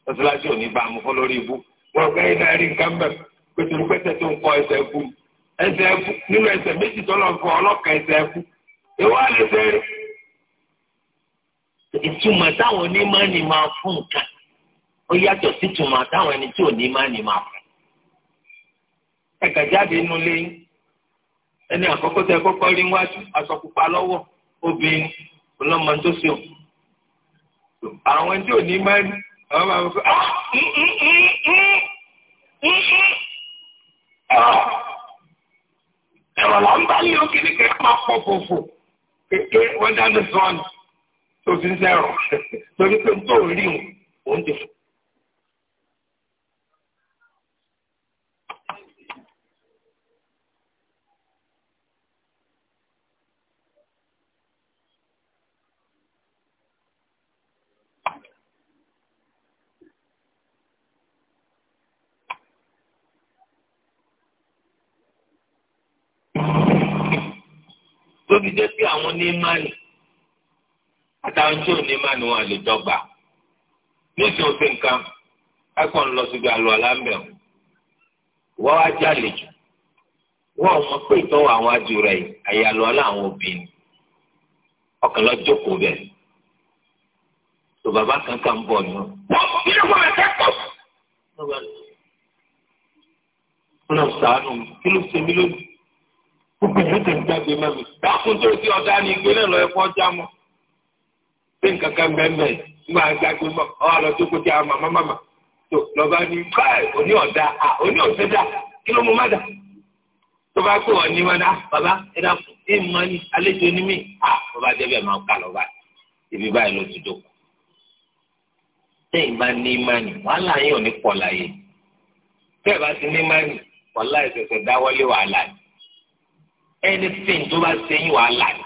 mọ́sálásí ò ní bàmù fọ́ lórí ibú wọ́n gbé iná rí nǹkan bẹ̀ pẹ̀tùrú pẹ̀tẹ̀ tó ń kọ ẹsẹ̀ ẹkú ẹsẹ̀ ẹkú nínú ẹsẹ̀ méjì tọ́lọ́ fún ọlọ́kà ẹsẹ̀ ẹkú ìwọ́n àlẹ́ fẹ́ẹ́ ìtumọ̀ táwọn onímọ̀ọ́nì máa fún nǹkan ó yàtọ̀ sí ìtumọ̀ táwọn ẹni tí onímọ̀ọ́nì máa fún. ẹ̀ka jáde inú lẹ́yìn ẹni àkọ́kọ́ tẹ kọ́kọ́ rí wájú aṣọ pupa lọ́wọ́ obìnrin ọlọ́mọ tó ṣe o. àwọn tí onímọ̀ọ́nì àwọn máa fọ ah, mm, mm, mm, ah! ẹ̀rọ là ń bá ní òkèlè kẹ́kẹ́ máa pọ̀ fòfò kékeré wọ́n dáná sọ́ọ̀nù tó fi ń sẹ́rùn torí pé tó rí òun ti fún. tóbi jẹ́ pé àwọn ní mánì àwọn tí ò ní máa ní wọn àlè dọ́gba níṣẹ́ òfin nǹkan ẹ̀kọ́ ń lọ síbi àlọ́ alámbẹ̀ wọ́n wá jálè jù wọ́n mọ̀ pé ìtọ́wọ́ àwọn ajú rẹ̀ àyàlọ́ làwọn obìnrin ọkàn lọ jókòó bẹ̀ tó bàbá kankan bọ̀ ni wọ́n kí ló wọ́n ẹ̀fẹ́ pọ̀ wọ́n lọ sàánù kí ló ṣe mí lónìí gbogbo ìlú tẹ̀ ń gbàgbé mọ́ mi dákun tó ọ̀dà ni ìgbélé lọ ẹ̀kọ́ já mọ́ pé nǹkan kan bẹ́ẹ̀ nígbà gbà pé ọ̀hà lọ tó kó tí a màmá màmá tó lọ́ba ní káì òní ọ̀dà à òní ọ̀sẹ̀ dà kí ló mú má dà tó bá pè wọ́n ní wọn dá bàbá ẹ dá fún ẹ mọ ní àlejò ní mí à bàbá débẹ̀ máa ká lọ́ba ibi báyìí ló ti dókun tẹ́yìn bá ní ìmánì wàhálà yín ò ní pọ̀ láyé tẹ́yìn bá ti ní ìmánì wàhálà ìṣẹ̀ṣẹ̀ dáwọ́lé wàhálà ẹni tí tó bá ṣe yín wàhálà ni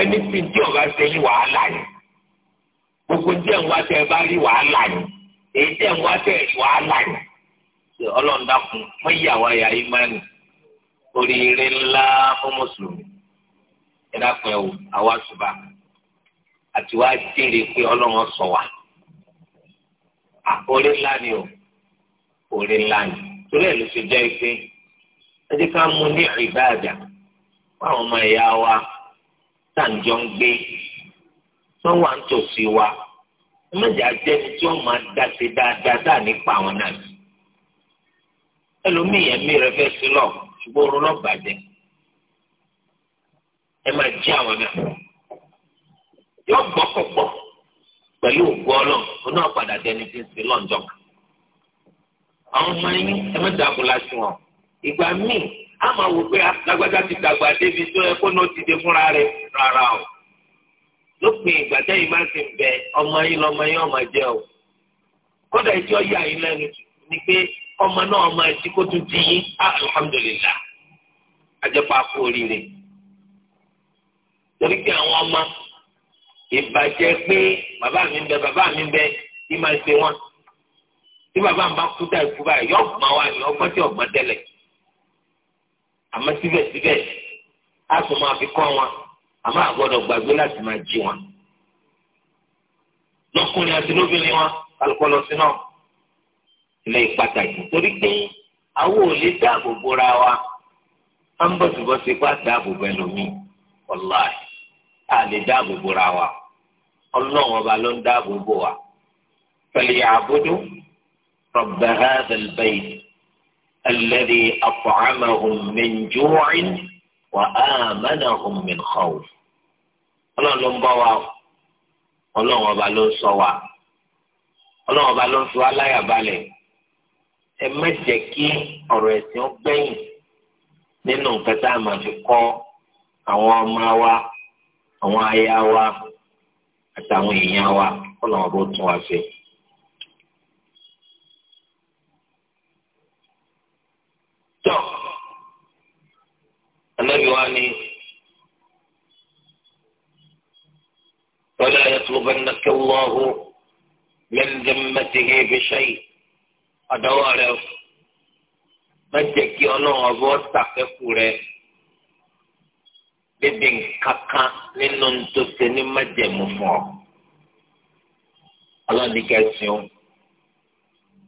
ẹni tí tí ọba ṣe yí wàhálà ni gbogbo tí ẹ̀ ń wá tẹ ẹ bá rí wàhálà ni èyí tẹ̀ ń wá tẹ ẹ rí wàhálà ni ọlọ́ọ̀dà fún mọ ìyàwó ẹ̀yà ìmánì oríire ńlá fún mùsùlùmí ẹ̀dá pẹ̀ o àwa ṣùgbà àti wá jèrè pé ọlọ́run sọ wà orí ńlá ni o orí ńlá ni torí ẹ̀ ló ṣe jẹ́ pé ẹ jẹ́ ká mú ní ìbáàjà fún àwọn ọmọ ẹ̀yà wa tàǹjọ ń gbé sọ́wọ́ à ń tòsí wa ẹ̀mẹ́jẹ̀ ajẹ́ni tí wọ́n máa dá sí dáadáa dáa nípa àwọn náà ẹlòmíì ẹ̀mí rẹ fẹ́ sí lọ ṣùgbọ́n orun náà bàjẹ́ ẹ máa jí àwọn náà yọ gbọ́kọ̀gbọ́ pẹ̀lú ògbó ọlọ́run ó náà padà dẹni tí ń sí lọ́njọ́ àwọn ọmọ yín ẹ̀mẹ́jẹ̀ àbúlá sí wọn ìgbà míì ama máa wò pé agbada ti dàgbà débi tó yẹ kó náà ti dé fúnra rẹ̀ rárá o lópin ìgbà tẹ́yìn bá ti bẹ ọmọ yín lọmọ yín ọmọ jẹ o kódà ìjọ yà yín lẹ́nu ni pé ọmọ náà ọmọ ẹtí kó tún ti yín alhamdulilah ajẹpọ akó oríire torí pé àwọn ọmọ ìbàjẹ́ pé bàbá mi ń bẹ bàbá mi ń bẹ kí máa ṣe wọn tí bàbá mi bá kú dá ikú báyìí yọ ọgbọ́n wa ni ọgbọ́n tí ọgbọ́n tẹ́lẹ̀ àmọ́ síbẹ̀síbẹ̀ á tún máa fi kọ́ wọn àmọ́ àgbọ́dọ̀ gbàgbé láti máa jí wọn. lọ́kùnrin àti lóbìnrin wọn alùpùpù sí náà ilé pàtàkì torí pé àwọn ò lè dáàbò bora wa á ń bọ̀sibọ̀sì pa dáàbò bẹ́ẹ̀ lómi wàláì á lè dáàbò bora wa ọlọ́run ọba ló ń dáàbò bò wa. فليعبدوا رب هذا البيت الذي أطعمهم من جوع وآمنهم من خوف Ọlọ́run ló ń bọ́ wa Ọlọ́run ọba ló ń ṣọ́ wa Ọlọ́run ọba ló ń fi wá láyà balẹ̀ ẹ má jẹ́ kí ọ̀rọ̀ ẹ̀sìn ó gbẹ̀yìn nínú nǹkan tá a máa fi kọ́ àwọn ọmọ wa àwọn aya wa àtàwọn èèyàn wa Ọlọ́run ọba ó tún wa ṣe. wa ni ولا يطلبنك الله من ذمته بشيء àdánwò rẹ má jẹ́ kí ọlọ́run ọbọ̀ ṣàfẹ́kù rẹ bíbi nǹkankan nínú tó ṣe ní májẹ̀mú fún ọ. ọlọ́run ní kẹsìn ó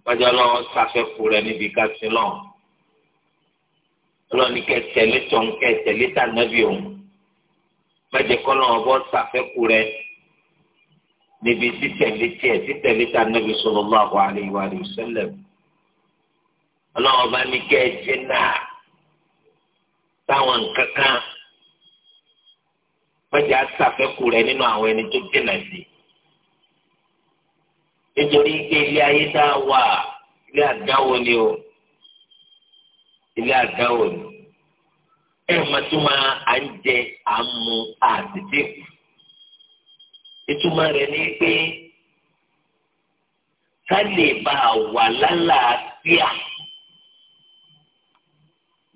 wájú ọlọ́run ṣàfẹ́kù rẹ níbi kẹsìn lọ́hùn ọlọ́ni kẹ́ tẹ̀lé tọ̀hún kẹ́ tẹ̀lé tànàbí òun mẹ́jẹ kọ́nà ọ̀bọ sàfẹ́kù rẹ níbi títẹ̀lé tiẹ̀ títẹ̀lé tànàbí sallallahu alaihi wa sallam ọlọ́wọ́ bá ní kẹ́ jẹ́ náà táwọn nǹkan kan mẹ́jẹ sàfẹ́kù rẹ nínú àwọn ẹni tó dènà sí nítorí ilé ayé dá wà ilé àdáwọ̀ ni o ilé àdáwò ni ẹ mọ̀túmọ̀ à ń jẹ àmú àtìtì kù ìtumọ̀ rẹ̀ ni pé ká lè bá a wà lálàáfíà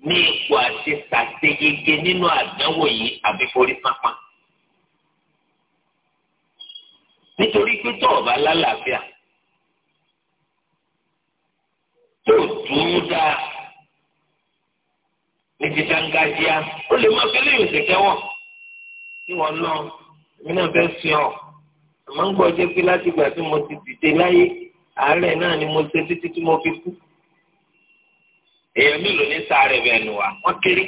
ní ipò àti sàṣeyege nínú àdánwò yìí àbí forí pápá. nítorí pé tó o lálàáfíà tó dùn dáa èdè dangadia ó lè máa fẹlẹ yóò tẹtẹ wọn tí wọn lọ èmi náà fẹ́ sìn ọ àmọ́ ń gbọ́ jẹ́ pé láti ìgbà tí mo ti dìde láyé àárẹ̀ náà ni mo ṣe títí tí mo fi kú èèyàn mélòó ní sáré bẹ́ẹ̀ nù wá wọ́n kéré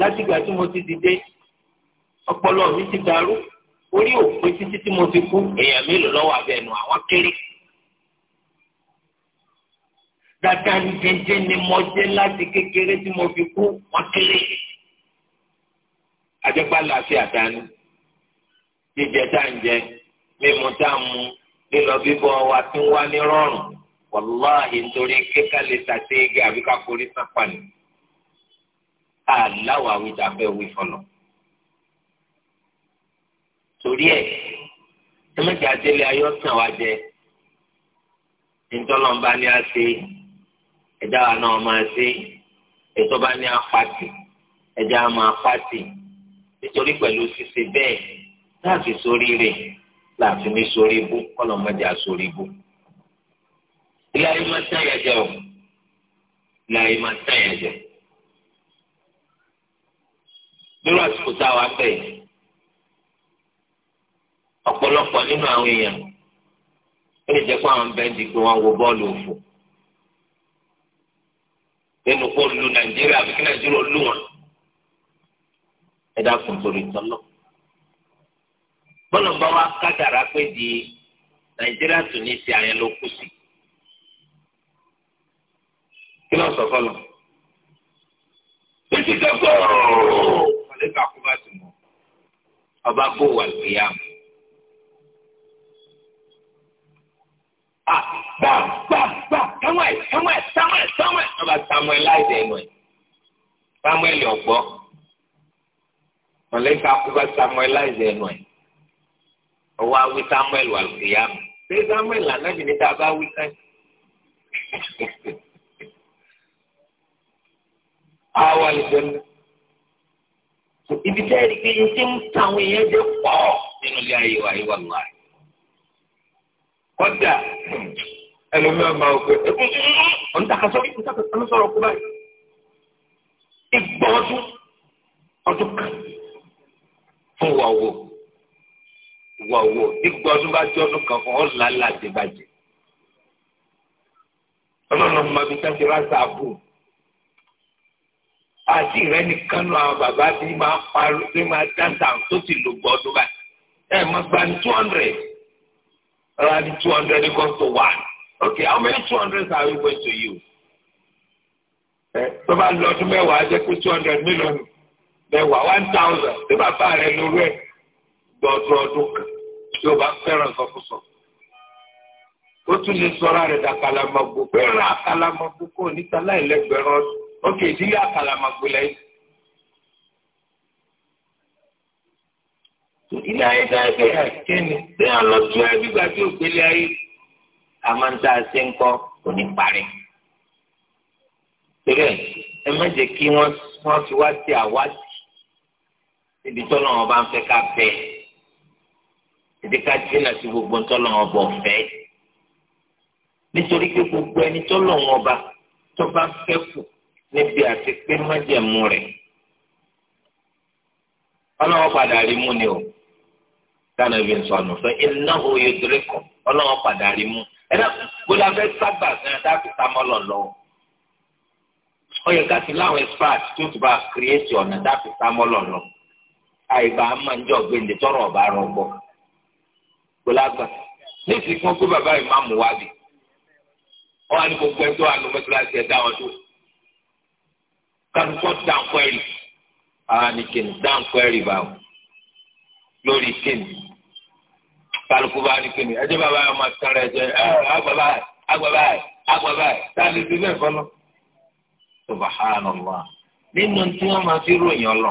láti ìgbà tí mo ti dìde ọpọlọ mi ti dàrú orí òpin títí tí mo fi kú èèyàn mélòó lọ́wọ́ abẹ́ẹ̀nù àwọn kéré dandan jẹjẹ ni mo jẹ láti kékeré tí mo fi kú wọn kéré àjẹpá làáfíà dání jíjẹ tá à ń jẹ mímu tá à ń mu lílọ bíbọ̀ wa tí wá ní rọrùn wàláhì nítorí kíkà lè ṣàṣeyege àbí ká forí sápá ni aláwọ̀ àwùjọ afẹ́ wí fọlọ torí ẹ ẹ mẹjọ àtẹlẹ ayọ sàn wá jẹ ntọ́lọ́mbá ni a ṣe ẹja wa náà máa ṣe ètò bá ní apáti ẹja wa máa pàtì nítorí pẹ̀lú ṣíṣe bẹ́ẹ̀ láti sórí rẹ̀ láti ní sórí bú kọ́nà mọ́jà sórí bú. ilé ayé máa tẹ̀yẹ̀ jẹ o ilé ayé máa tẹ̀yẹ̀ jẹ. nírú àsìkò tá a wá bẹ̀ ọ̀pọ̀lọpọ̀ nínú àwọn èèyàn ó lè jẹ́ pé àwọn bẹ́ẹ̀ di pé wọ́n wo bọ́ọ̀lù òfò nínú kó lu nàìjíríà àbí kí nàìjíríà lù wọn ẹ dákun torí tọ́lọ́ bọ́lọ̀ bá wa kádàrá pé di nàìjíríà tún ní ti àyẹn ló kù sí kí ló ń sọ fọlọ. títí dọ́kọ̀ ọ̀rọ̀ ọ̀lẹ́ka kú bá ti mọ̀ ọba kó wà lóyà mọ́. gbà gbà gbà Samuel Samuel Samuel Samuel ọba Samuel láìdẹ ẹnu ẹ Samuel ọgbọ mọlẹka kúba Samuel láìdẹ ẹnu ẹ ọwọ awi Samuel wà lùkìyà mi ṣé Samuel lànàbì ní tàbá wí kán àwọn àlùjọ náà ibi tẹ́ẹ̀rí pé ní ti ń ta àwọn èèyàn jẹ́ pọ̀ nínú ilé ayé wa yìí wà lọ́wọ́ kọ́dà ẹlòmíràn máa ń pè é ọ̀ntàkàsọ́ ọ̀ntàkàsọ́ kú báyìí ìgbà ọdún ọdún kan fún wa owó wa owó ìgbà ọdún bá jẹ́ ọdún kan fún ọ́ làálàá ti bàjẹ́ ọlọ́run máa fi jáde ráṣà àbò àti ìrẹ́ nìkan náà àwọn bàbá tí máa parí tí máa dáńtà tó ti lò gbọ́ ọdún báyìí ẹ̀ máa gba two hundred around two hundred equals to one. Okay, how many two hundreds are we going to use? So my Lord, ọdún mẹ́wàá jẹ́ pé two hundred million mẹ́wàá one thousand tí bàbá rẹ̀ lórí ẹ̀ gbọ́dọ̀ ọdún kan tí o bá fẹ́ràn sọkúsọ. ó tún lè sọra rẹ̀ dà kàlàmàgbò fẹ́ràn àkàlàmàgbò kò níta láìlẹ́gbẹ̀rún ọdún. ok ìdílé àkàlàmàgbò lẹ́yìn. ilé ayé dáhùn pé àkéènì bí wọn lọ tún ẹ bí gbàgbé ògbélé ayé a máa ń tá a ṣe ń kọ kò ní parí. torí ẹ ẹ má jẹ́ kí wọ́n wọ́n fi wá sí àwátì ibi tọ́lọ́ wọn bá ń fẹ́ ká bẹ̀ ìdí ká jìnnà sí gbogbo tọ́lọ́ wọn bọ̀ fẹ́ nítorí pé gbogbo ẹni tọ́lọ́ wọn bá tó bá fẹ́ kù níbi àti pé májẹ̀mú rẹ̀ ọlọ́wọ́ padà rí mú ni o dáná ibi nsọ̀nù fẹ́ iná oyè torí kọ̀ ọlọ́run padà rí mú ẹ̀dá gbọ́dọ̀ afẹ́ sábà sẹ́yìn tá a fi tamọ́ lọ lọ. ó yẹ ká ti láwọn expert tó ti bá kírẹ́tì ọ̀nà tá a fi tamọ́ lọ lọ. àìbá máa ń jọ gbèǹde tọrọ ọba rọgbọ. gbọ́dọ̀ àgbà níìsì kan kó bàbá ìmáàmù wá bì. ó wà ní gbogbo ẹjọ́ àánú mẹ́tíláṣí ẹ̀dá wọn tó. kálukọ́ dáńkọ́ ẹ̀rì. àwọn àníkè dáńkọ́ ẹ̀rì báwọn lórí kéènì kálukú bá ní kíni ẹjẹ bàbá yẹn máa tẹrẹ ẹjẹ ẹ báyìí báyìí báyìí táàlì nínú tí máa fi ròyìn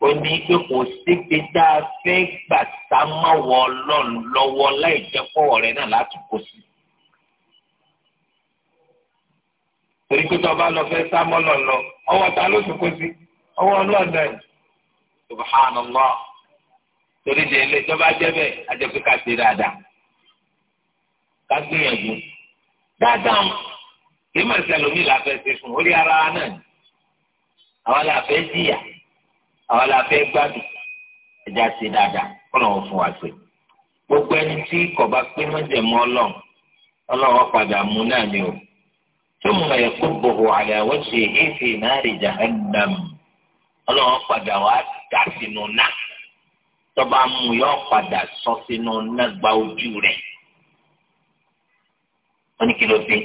ó ní pé kò síbi tá a fẹ́ gbà tá a máa wọ ọlọ́run lọ́wọ́ láì jẹ́ rẹ náà láti kó sí. torí pé tọ́ba lọ fẹ́ sá mọ́ lọ́nà ọwọ́ ta torí de ilé tó bá jẹ́ bẹ́ẹ̀ àjẹpẹ́ ká ṣe dáadáa ká gbìyànjú dáadáa kì í mọ̀ sẹ́lómi làfẹ́ ṣe fún orí ara wa náà àwọn làfẹ́ jìyà àwọn làfẹ́ gbádùn ẹja ṣe dáadáa kọ́lọ́wọ́ fún wa ṣe gbogbo ẹni tí kò bá pé mọ́jẹ̀mọ́ ọlọ́run ọlọ́run padà mú náà ni o tó mú ẹ̀ kó bòbò àyàwó ṣe éfì náà rè jahannam ọlọ́run padà wá dà sínú náà tọba mu yọ padà sọ sínú nàgbà ojú rẹ̀ wọ́n ní kí ló dé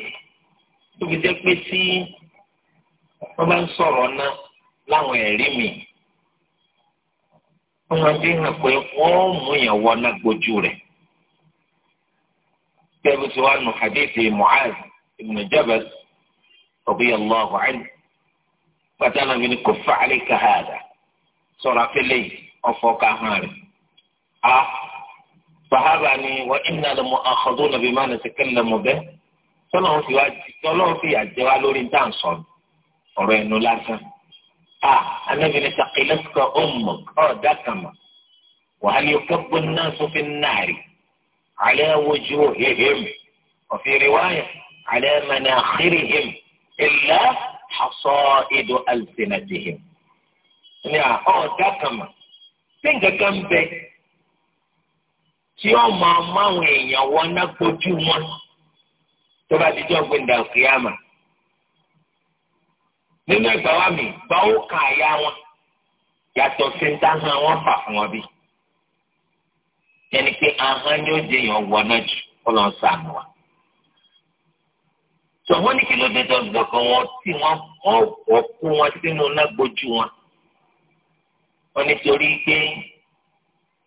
tóbi jẹ́ pé tí wọ́n bá ń sọ̀rọ̀ náà láwọn ẹ̀rí mi wọ́n máa fi hàn pé wọ́n mú yàn wọ nàgbójú rẹ̀ bẹ́ẹ̀ bí ti wá nù hadithi Mu'az ibn Jabal radiyallahu anhu pátánà mi ni kuffa alayka hada sọ̀rọ̀ afẹ́lẹ́ yìí ọ̀fọ̀ ká hàn rẹ̀ a sàhábà ni wa inna la mu'akhaduna bima natakallamu bih tọ́lọ́run fi wá tọ́lọ́run fi yà jẹ wá lórí tá à ń sọ̀rọ̀ ọ̀rọ̀ ẹnu lásán a anabi ni saqilatuka ummuk ọ̀dà kàmà wa hal yukabbu an-nasu fi an-nari ala wujuhihim wa fi riwaya ala manakhirihim illa hasaidu alsinatihim ní ọ̀dà kàmà. tí nǹkan kan bẹ tí ó máa máwọn èèyàn wọn ná gbójú wọn tó bá ti jọ gbẹndà òkèèyàmà nínú ẹgbàá wa mi báwo kà á yá wọn yàtọ̀ sí ń wọn fà fún wọn bí pé ahọ́n ni ó jẹ yàn wọ náà jù kó lọ́n ní kí ló dé wọn sínú ná gbójú wọn. ó nítorí pé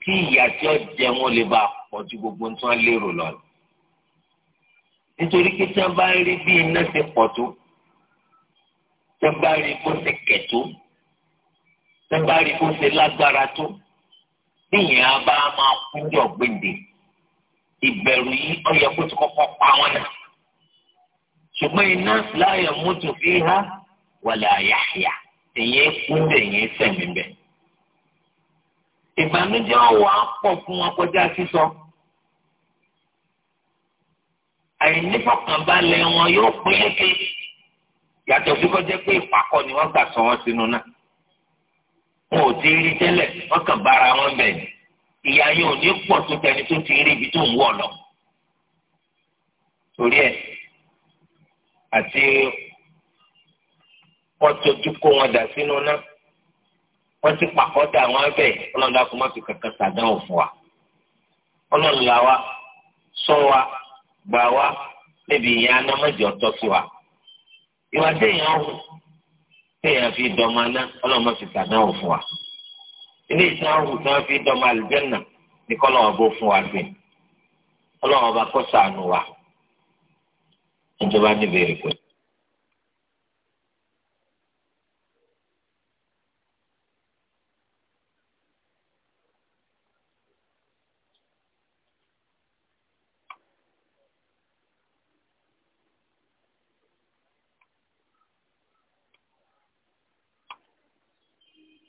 kí ìyà tí ó jẹ wọn lè bá pọ̀ ju gbogbo tí wọ́n lérò lọ. nítorí pé tí wọ́n bá rí bí iná ṣe pọ̀ tó tí wọ́n bá rí bó ṣe kẹ̀ tó tí wọ́n bá rí bó ṣe lágbára tó bí ìyẹn bá máa kúnjọ gbèǹde ìbẹ̀rù yìí ó yẹ kó ti kọ́kọ́ pa wọn náà. ṣùgbọ́n iná láyọ̀ mọ́tò fi há wàlẹ̀ àyàyà èyí kú bẹ́ẹ̀ èyí sẹ̀mí bẹ́ẹ̀ ìbànújẹ́ ọ̀wọ́ á pọ̀ fún wọn kọjá sísọ. àìnífọ̀kànbalẹ̀ wọn yóò pélékè yàtọ̀ sí kọjá pé ìpàkọ́ ni wọ́n gbà sọ wọ́n sínú náà. wọn ò ti rí tẹ́lẹ̀ wọ́n kàn bára wọn bẹ̀ ni ìyá yẹn ò ní pọ̀ tó tẹni tó ti rí ibi tó ń wọ̀ lọ. torí ẹ̀ àti wọ́n tójú kó wọn dà sínú náà wọ́n ti pàkọ́tà àwọn abẹ́ ọlọ́run dákun má fi kankan sàdánwò fún wa ọlọ́run là wa sọ wa gbà wa níbi ìyẹn anamọ́jọ tọ́ sí wa ìwà téèyàn hù téèyàn fi dọ́mọ aná ọlọ́run má fi sàdánwò fún wa ilé ìtàn hù tí wọ́n fi dọ́mọ àlùjẹ́nà ní kọ́ bó fún wa gbé ọlọ́run ọba kó ṣàánú wa ìjọba níbi èrè pẹ̀lú.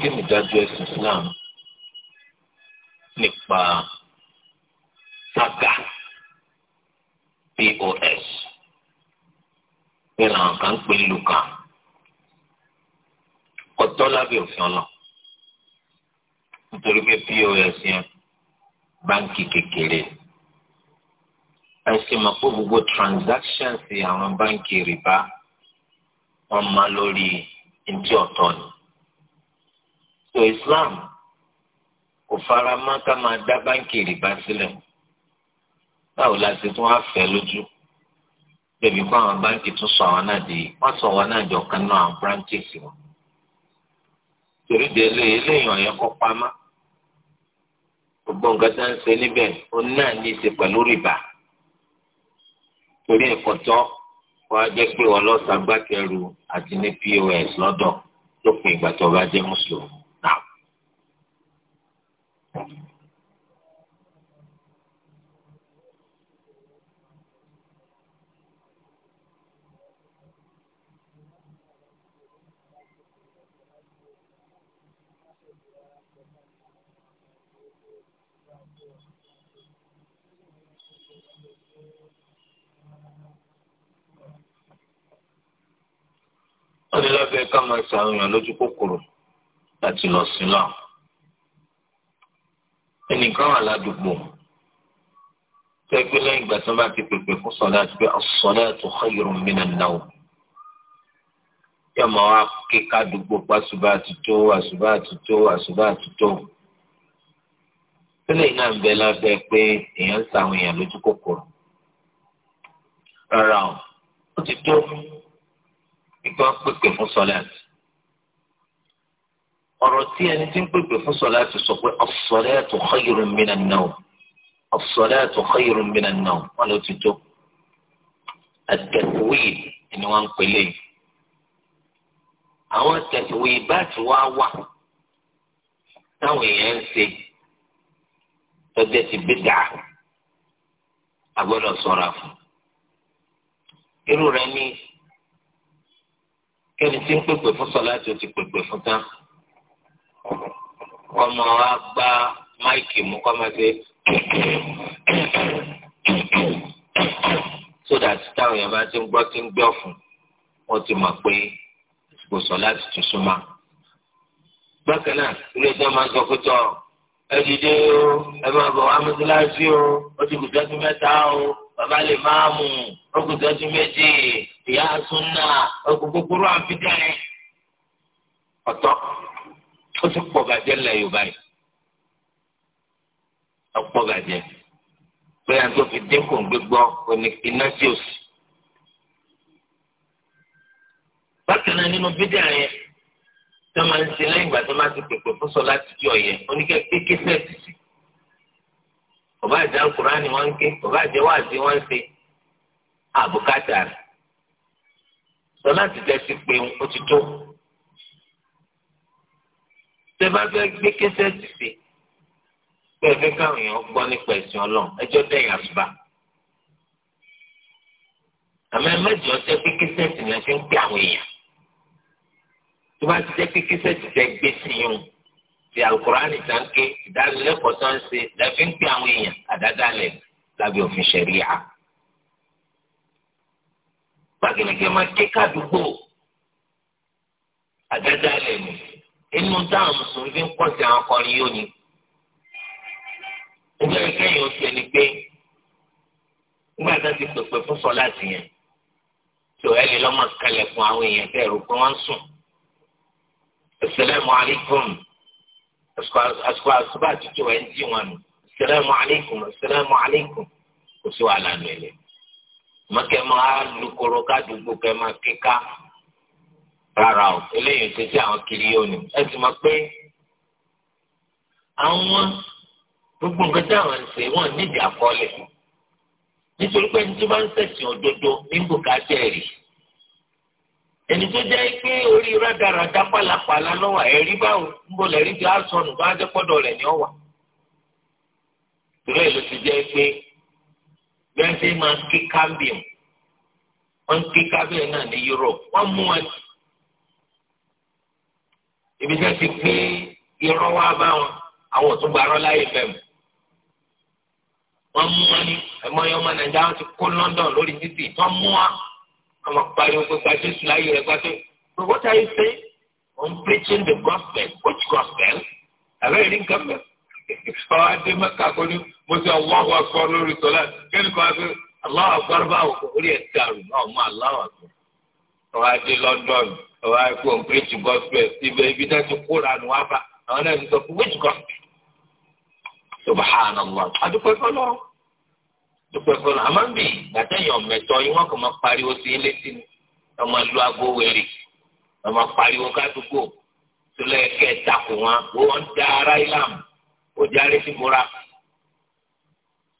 kí ni ìdájọ́ ẹ̀sìn Islam nípa saga pos pẹ̀lú àwọn kan pé luka ọ̀tọ̀ lábẹ́ òfin ọlọ nítorí pé pos yẹn báńkì kékeré ẹsìn mọ̀ pé gbogbo transactions àwọn báńkì rìbá wọ́n máa lórí ntí ọ̀tọ̀ ni so Islam kò fara mọ́ ká máa dá báńkì rìbá sílẹ̀ báwo la ṣe tún wá fẹ́ lójú bẹẹbi kó àwọn báńkì tún sọ àwọn náà di wọn sọ àwọn náà jọ kan náà branches wọn torí de eléyìí eléyìí ọ̀yẹ́ kọ́ pamá gbogbo nǹkan tó ń ṣe níbẹ̀ ó náà ní í ṣe pẹ̀lú rìbá torí ẹ̀kọ́tọ́ wọ́n á jẹ́ pé wọ́n lọ́ọ́ sàgbákẹ́rù àti ní pos lọ́dọ̀ lópin ìgbà tó bá jẹ́ mùsùlùmí. wọ́n ní lọ́fẹ̀ẹ́ ká máa ṣàwọn èèyàn lọ sí ẹnìkan wà ládùúgbò tẹ́gbẹ́ lẹ́yìn ìgbà tí wọ́n bá ti pèpè fún sọ̀lá àti pé ọ̀sọ̀lá tó khayrun minan nawm yọmọ wa ké kádùúgbò pàṣùbà àtútó àṣùbà àtútó àṣùbà àtútó tẹ́lẹ̀ náà ń bẹ lábẹ́ pé èèyàn ń sàwọn èèyàn lójú kòkòrò rárá o ti tó ìgbà pèpè fún sọ̀lá àti ọ̀rọ̀ tí ẹni tí ń pèpè fún sọ̀lá ti sọ pé as-salatu khayrun minan nawm as-salatu khayrun minan nawm wọn ló ti tó at-tathwid ni wọ́n ń pè léyìn àwọn at-tathwid bá ti wá wà táwọn èèyàn ń ṣe tọ́jú ti bí dà a gbọ́dọ̀ sọ̀ra fún irú rẹ̀ ní kẹ́ni tí ń pèpè fún sọ̀lá ti o ti pèpè fún tán kọ́mọ wa gbá máìkì mú kọ́mọ ṣe sódà tí táwọn yẹn bá ti ń gbọ́ tí ń gbé ọ̀fun wọ́n ti mọ̀ pé kò sọ láti tún súnmọ́. bákan náà ilé iṣẹ́ máa ń sọ pé tọ́ ẹ dìde o ẹ máa bọ̀ wá mọ́tíláṣí o ó ti kùtẹ́ sí mẹ́ta o bàbá lè máa mú ó kùtẹ́ sí méjì ìyá súnà ó kú kúkúrú àǹfíjẹ́ ọ̀tọ̀ ó ti pọ̀ gàjẹ́ ńlẹ̀ yorùbá yìí ọ̀pọ̀ gàjẹ́ pé à ń tó fi dínkù gbígbọ́ iná sí òsì. bákan náà nínú bídíà yẹn tó máa ń ṣe lẹ́yìn ìgbà tó máa ti pèpè fún sọ láti jọ yẹn oníkẹ́ kéèké sẹ́ẹ̀tì sí. ọba àjẹ́ alukóra ni wọ́n ń ké ọba àjẹ́ wáàzí wọ́n ń ṣe àbùkátà rẹ̀ sọ láti tẹ́sí pé ó ti tó tẹ́ bá fẹ́ gbé kẹsẹ̀ dìde bẹ́ẹ̀ fẹ́ káwọn èèyàn gbọ́ nípa ẹ̀sìn ọlọ́run ẹjọ́ dẹ̀yìn àṣùbà àmọ́ ẹ mẹ́jọ jẹ́ pé kẹsẹ̀ tì ní ẹ fi ń gbé àwọn èèyàn tó bá ti jẹ́ pé kẹsẹ̀ tì tẹ́ gbé sí yín o ti alukurani tanke ìdánilẹ́kọ̀ọ́ tó ń ṣe lẹ́fí ń pè àwọn èèyàn àdádálẹ̀ lábẹ́ òfin ṣẹ̀ríà. bákìlì kí máa ké kádùúgbò àdádálẹ̀ nìyí inú táwọn mùsùlùmí fi ń pọ̀ sí àwọn akọrin yóò ní. nítorí kẹ́yìn oṣù ẹni pé nígbà tá a ti pèpè fún sọ láti yẹn tó ẹ lè lọ́mọ kalẹ̀ fún àwọn èèyàn bẹ́ẹ̀ rò pé wọ́n ń sùn. asalaamu alaykum àsìkò àsìkò àtúntò ẹ̀ ń dì wọn nù asalaamu alaykum asalaamu alaykum kò sí wàhálà nù ẹ̀ lẹ̀ mọ́kẹ́ máa lukoro ká dùgbò kẹ́ máa kíká rárá o eléyìí ṣe sí àwọn kiri yóò ní ẹ sì mọ̀ pé àwọn gbogbo nǹkan tí àwọn ń ṣe wọn nídìí àkọọ́lẹ̀ nítorí pé ẹni tó bá ń ṣẹ̀sìn òdodo ní bùkátà ẹ̀rí ẹni tó jẹ́ pé orí rádaràdá pàlàpàlà lọ́wọ́ ẹ̀rí báwo ń bọ̀ lẹ́rí tí a sọnù bá jẹ́ pọ́dọ̀ rẹ̀ ní ọ̀wà ìrẹ́ ló ti jẹ́ pé bẹ́ẹ̀ ṣe máa ń kí kábíyàn wọ́n ń kí kábíyàn náà ní Europe wọ́n mú wọn ibi tẹ́ ti pé irọ́ wá bá wọn àwọn òtún gbàrọ́ láyé fẹ́mu. wọ́n mú wọn ní ẹ̀mọ́ yẹn ọmọ nàìjíríà wọn ti kó London lórí títì wọ́n mú wọn ọmọ pariwo pé gba Jésù láyé rẹ̀ gbàtẹ́ pé what are you saying? I'm preaching the gospel which gospel? àbẹ́ ìrìn kan mẹ́. ọ̀ adé mẹ́ka kò ní mo ti Allahu Akbar lórí sọ́lá kí ni kò wá sí Allahu Akbar báwo kò orí ẹ̀ dàrú náà mú Allahu Akbar. ọ̀ adé London ọwọ́ àìkú òun pé jù gospel ibẹ̀ ibi náà ti kóra nù wá bá àwọn náà ti sọ fún which gospel subhanallah adúpẹ́ fọlọ́ adúpẹ́ fọlọ́ àmọ́ bí gbàtẹ́yìn mẹ́tọ́ yín wọ́n kàn máa pariwo sí ilé sí ni wọ́n máa lu aago wẹ̀rẹ̀ wọ́n máa pariwo kádùúgbò tó lẹ́yìn kẹta kò wọn wọ́n da ara islam ó di arẹ́ sí mura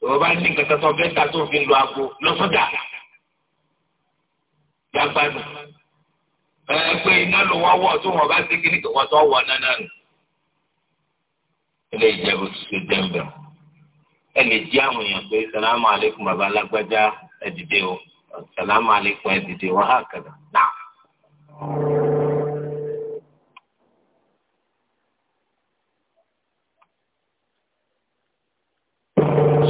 ìwọ́n bá ní nǹkan tó sọ bẹ́ẹ̀ ta tó fi lu aago lọ́sọ̀dà gbàgbádùn. ẹ pé iná ló wá wọ̀ tó wọ́n bá ti kí ní wọ́n tó wọ̀ nánà nù. ilé ìjẹ́bù ti ṣe dẹ́mbẹ̀ ẹ lè jí àwọn èèyàn pé sàlámù alẹ́kùn bàbá alágbájá ẹ o sàlámù alẹ́kùn ẹ dìde wọ́n hà kàdà nà.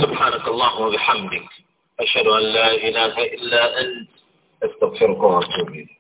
سبحانك اللهم وبحمدك أشهد أن لا إله إلا أنت أستغفرك وأتوب إليك